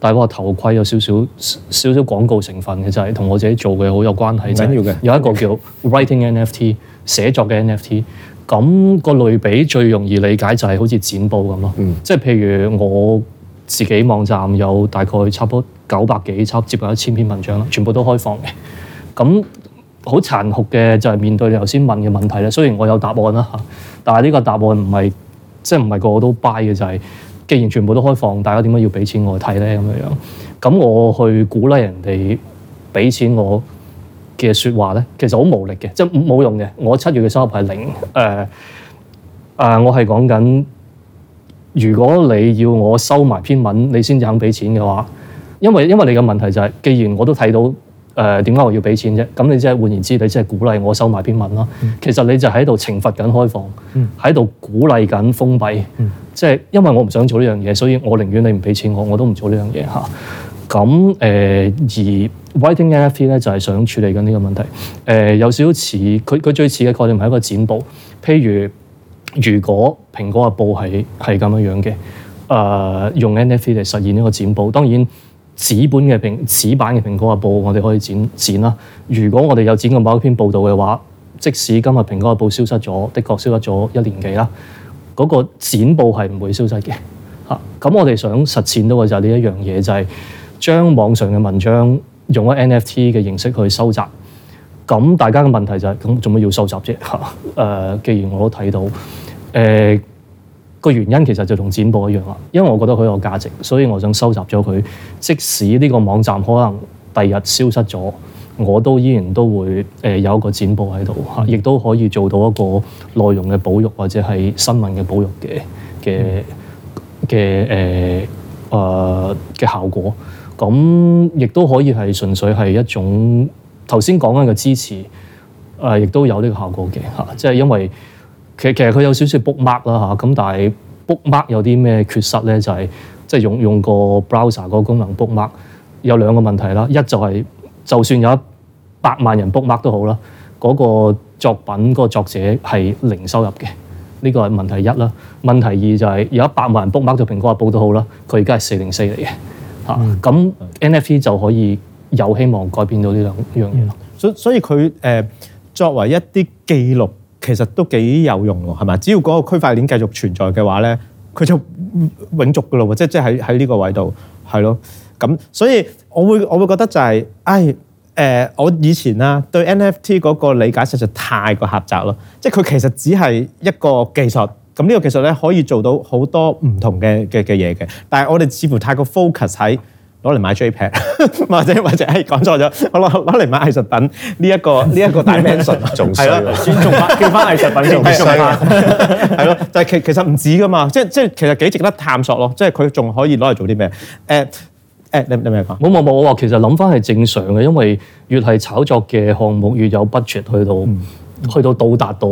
戴個頭盔有少少少少廣告成分嘅，就係、是、同我自己做嘅好有關係嘅，就是、有一個叫 Writing NFT，寫作嘅 NFT。咁個類比最容易理解就係好似剪報咁咯。嗯、即係譬如我自己網站有大概差唔多九百幾，差接近一千篇文章啦，全部都開放嘅。咁好殘酷嘅就係、是、面對你頭先問嘅問題咧，雖然我有答案啦嚇，但係呢個答案唔係即係唔係個個都 buy 嘅，就係、是、既然全部都開放，大家點解要俾錢我睇咧咁樣？咁我去鼓勵人哋俾錢我嘅説話咧，其實好無力嘅，即係冇用嘅。我七月嘅收入係零誒啊、呃呃！我係講緊如果你要我收埋篇文，你先至肯俾錢嘅話，因為因為你嘅問題就係、是，既然我都睇到。誒點解我要俾錢啫？咁你即係換言之，你即係鼓勵我收埋篇文咯。嗯、其實你就喺度懲罰緊開放，喺度、嗯、鼓勵緊封閉。嗯、即係因為我唔想做呢樣嘢，所以我寧願你唔俾錢我，我都唔做、啊呃、呢樣嘢嚇。咁誒而 Writing NFT 咧就係、是、想處理緊呢個問題。誒、呃、有少少似佢佢最似嘅概念咪係一個剪報。譬如如果蘋果嘅報係係咁樣樣嘅，誒、呃、用 NFT 嚟實現呢個剪報。當然。紙本嘅平紙版嘅《蘋果日報》，我哋可以剪剪啦。如果我哋有剪過某一篇報道嘅話，即使今日《蘋果日報》消失咗，的確消失咗一年幾啦，嗰、那個剪報係唔會消失嘅嚇。咁、啊、我哋想實踐到嘅就係呢一樣嘢，就係、是、將網上嘅文章用咗 NFT 嘅形式去收集。咁、啊、大家嘅問題就係、是：咁做乜要收集啫？嚇，誒，既然我都睇到，誒、啊。個原因其實就同剪報一樣啦，因為我覺得佢有價值，所以我想收集咗佢。即使呢個網站可能第日消失咗，我都依然都會誒、呃、有一個剪報喺度嚇，亦、啊、都可以做到一個內容嘅保育或者係新聞嘅保育嘅嘅嘅誒啊嘅效果。咁亦都可以係純粹係一種頭先講緊嘅支持誒，亦、啊、都有呢個效果嘅嚇、啊，即係因為。其實其實佢有少少 bookmark 啦嚇，咁但係 bookmark 有啲咩缺失咧？就係、是、即係用用個 browser 個功能 bookmark，有兩個問題啦。一就係、是、就算有一百萬人 bookmark 都好啦，嗰、那個作品嗰個作者係零收入嘅，呢個係問題一啦。問題二就係、是、有一百萬人 bookmark 就蘋果日報都好啦，佢而家係四零四嚟嘅嚇。咁、嗯啊、NFT 就可以有希望改變到呢兩呢樣嘢、嗯嗯。所所以佢誒、呃、作為一啲記錄。其實都幾有用喎，係嘛？只要嗰個區塊鏈繼續存在嘅話咧，佢就永續噶咯喎，即係即係喺喺呢個位度係咯。咁所以我會我會覺得就係，唉誒，我以前啦對 NFT 嗰個理解實在太過狹窄咯。即係佢其實只係一個技術，咁呢個技術咧可以做到好多唔同嘅嘅嘅嘢嘅，但係我哋似乎太過 focus 喺攞嚟買 JPEG， <laughs> 或者或者係講錯咗，攞攞嚟買藝術品呢一、這個呢一 <laughs> 個 dimension，仲衰， <laughs> 了了尊重翻叫翻藝術品仲衰，係咯，但係其其實唔止㗎嘛，即係即係其實幾值得探索咯，即係佢仲可以攞嚟做啲咩？誒誒、 <laughs> 欸，你你咩講？冇冇冇，我其實諗翻係正常嘅，因為越係炒作嘅項目，越有 budget 去到 <laughs> 去到到達到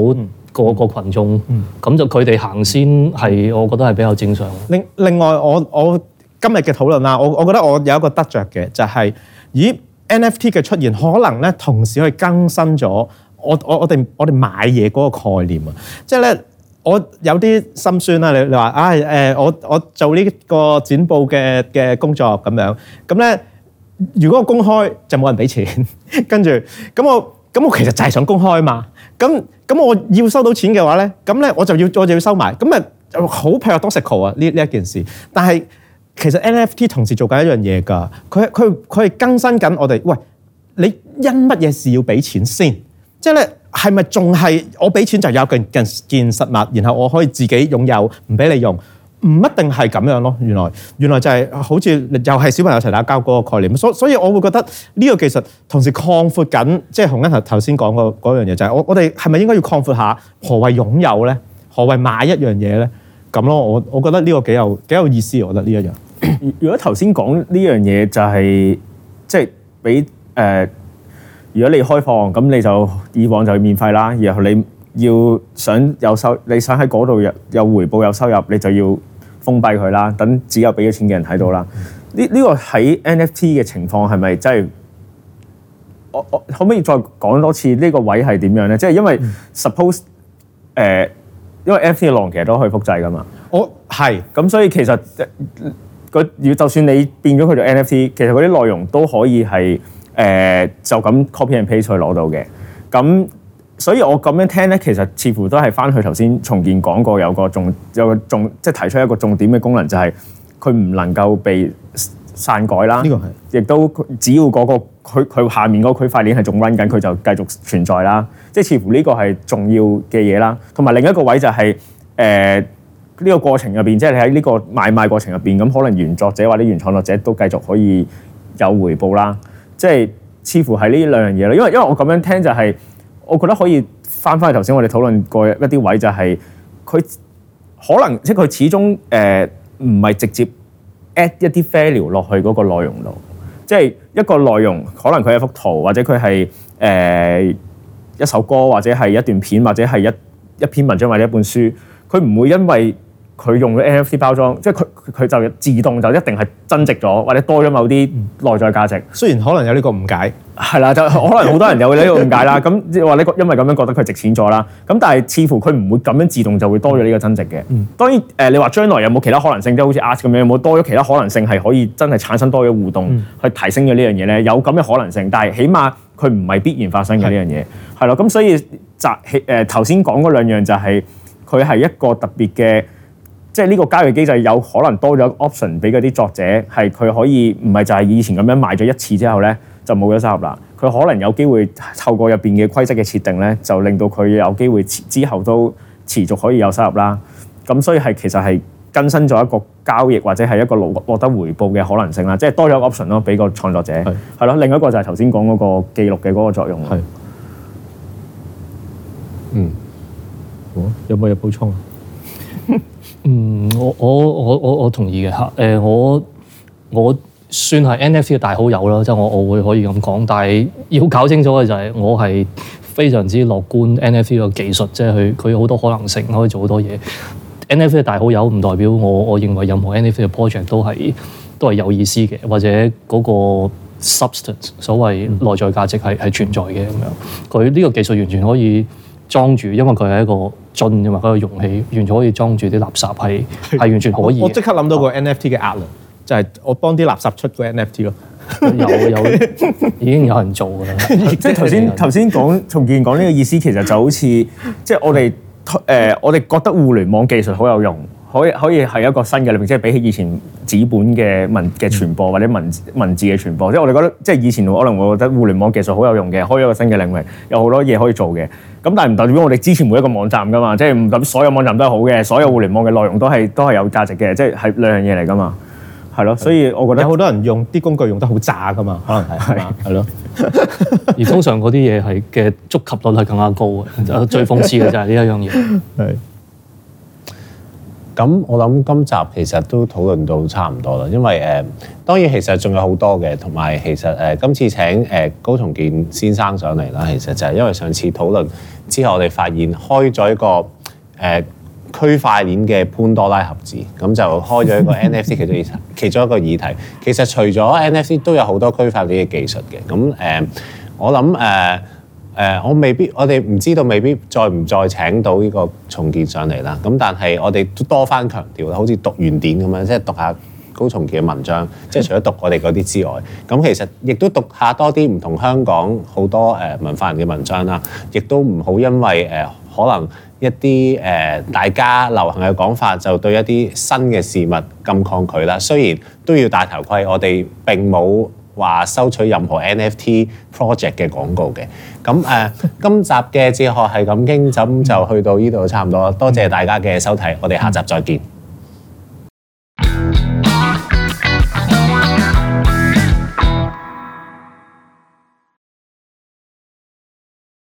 個個群眾，咁就佢哋行先係，我覺得係比較正常。另另外我我。我我今日嘅討論啊，我我覺得我有一個得著嘅就係以 NFT 嘅出現，可能咧同時去更新咗我我我哋我哋買嘢嗰個概念啊！即係咧，我有啲心酸啦。你你話啊誒，我我做呢個展布嘅嘅工作咁樣，咁咧如果我公開就冇人俾錢，跟住咁我咁我其實就係想公開嘛。咁咁我要收到錢嘅話咧，咁咧我就要我就要收埋，咁咪就好 paradoxical 啊！呢呢一件事，但係。其實 NFT 同時做緊一樣嘢㗎，佢佢佢係更新緊我哋。喂，你因乜嘢事要俾錢先？即係咧，係咪仲係我俾錢就有件件實物，然後我可以自己擁有，唔俾你用？唔一定係咁樣咯。原來原來就係，好似又係小朋友一齊打交嗰個概念。所以所以我會覺得呢個技術同時擴闊緊，即係洪恩頭頭先講過嗰樣嘢就係，我我哋係咪應該要擴闊下何謂擁有咧？何謂買一樣嘢咧？咁咯，我我覺得呢個幾有幾有意思。我覺得呢一樣。如果頭先講呢樣嘢就係即係俾誒，如果你開放咁，你就以往就免費啦，然後你要想有收，你想喺嗰度有有回報有收入，你就要封閉佢啦，等只有俾咗錢嘅人睇到啦。呢呢個喺 NFT 嘅情況係咪真係？我我可唔可以再講多次呢個位係點樣呢？即係因為 <noise> suppose 誒，因為 NFT 嘅浪其實都可以複製噶嘛。我係咁，所以其實。呃佢要就算你變咗佢做 NFT，其實嗰啲內容都可以係誒、呃、就咁 copy and paste 去攞到嘅。咁所以我咁樣聽咧，其實似乎都係翻去頭先重建講過有個重有個重即係提出一個重點嘅功能，就係佢唔能夠被篡改啦。呢個係，亦都只要嗰、那個佢佢下面嗰區塊鏈係仲 run 緊，佢就繼續存在啦。即係似乎呢個係重要嘅嘢啦。同埋另一個位就係、是、誒。呃呢個過程入邊，即係你喺呢個買賣過程入邊，咁可能原作者或者原創作者都繼續可以有回報啦。即係似乎係呢兩樣嘢啦，因為因為我咁樣聽就係、是，我覺得可以翻翻去頭先我哋討論過一啲位、就是，就係佢可能即係佢始終誒唔係直接 add 一啲 value 落去嗰個內容度，即係一個內容可能佢係幅圖，或者佢係誒一首歌，或者係一段片，或者係一一篇文章或者一本書，佢唔會因為佢用嘅 NFT 包裝，即係佢佢就自動就一定係增值咗，或者多咗某啲內在價值。雖然可能有呢個誤解，係啦，就可能好多人有呢個誤解啦。咁即係話你因為咁樣覺得佢值錢咗啦。咁但係似乎佢唔會咁樣自動就會多咗呢個增值嘅。嗯、當然誒、呃，你話將來有冇其他可能性，即係好似 a 亞設咁樣有冇多咗其他可能性係可以真係產生多嘅互動，去提升咗呢樣嘢咧？有咁嘅可能性，但係起碼佢唔係必然發生嘅呢樣嘢係咯。咁的所以就誒頭先講嗰兩樣就係佢係一個特別嘅。即係呢個交易機制有可能多咗 option 俾嗰啲作者，係佢可以唔係就係以前咁樣賣咗一次之後咧就冇咗收入啦。佢可能有機會透過入邊嘅規則嘅設定咧，就令到佢有機會之後都持續可以有收入啦。咁所以係其實係更新咗一個交易或者係一個獲獲得回報嘅可能性啦。即係多咗 option 咯，俾個創作者係咯的。另一個就係頭先講嗰個記錄嘅嗰個作用係。嗯。好、哦。有冇嘢補充啊？ <laughs> 嗯，我我我我我同意嘅吓，誒、呃、我我算係 NFT 嘅大好友啦，即、就、係、是、我我會可以咁講，但係要搞清楚嘅就係我係非常之樂觀 NFT 嘅技術，即係佢佢有好多可能性可以做好多嘢。NFT 嘅大好友唔代表我，我認為任何 NFT 嘅 project 都係都係有意思嘅，或者嗰個 substance 所謂內在價值係係、嗯、存在嘅咁樣。佢呢個技術完全可以。裝住，因為佢係一個樽，同埋嗰個容器，完全可以裝住啲垃圾，係係完全可以我。我即刻諗到個 NFT 嘅壓力，啊、就係我幫啲垃圾出個 NFT 咯，有有已經有人做噶啦，即係頭先頭先講重建講呢個意思，其實就好似 <laughs> 即係我哋誒、呃，我哋覺得互聯網技術好有用。可以可以係一個新嘅領域，即係比起以前紙本嘅文嘅傳播或者文文字嘅傳播，即係我哋覺得即係以前可能會覺得互聯網技術好有用嘅，開一個新嘅領域，有好多嘢可以做嘅。咁但係唔代表我哋支持每一個網站噶嘛，即係唔代表所有網站都係好嘅，所有互聯網嘅內容都係都係有價值嘅，即係係兩樣嘢嚟噶嘛，係咯。所以我覺得有好多人用啲工具用得好炸噶嘛，可能係係咯。而通常嗰啲嘢係嘅觸及率係更加高嘅，最諷刺嘅就係呢一樣嘢係。咁我諗今集其實都討論到差唔多啦，因為誒、呃、當然其實仲有好多嘅，同埋其實誒、呃、今次請誒、呃、高重建先生上嚟啦，其實就係因為上次討論之後，我哋發現開咗一個誒、呃、區塊鏈嘅潘多拉盒子，咁就開咗一個 NFT 其中一 <laughs> 其中一個議題。其實除咗 NFT 都有好多區塊鏈嘅技術嘅，咁誒、呃、我諗誒。呃誒，我未必，我哋唔知道，未必再唔再請到呢個重建上嚟啦。咁但係我哋都多翻強調啦，好似讀完典咁樣，即係讀下高重建嘅文章，即係除咗讀我哋嗰啲之外，咁其實亦都讀下多啲唔同香港好多誒文化人嘅文章啦。亦都唔好因為誒可能一啲誒大家流行嘅講法，就對一啲新嘅事物咁抗拒啦。雖然都要戴頭盔，我哋並冇，話收取任何 NFT project 嘅廣告嘅，咁誒、呃、今集嘅哲學係咁傾，就 <laughs> 就去到呢度差唔多啦。多謝大家嘅收睇，我哋下集再見。 <laughs>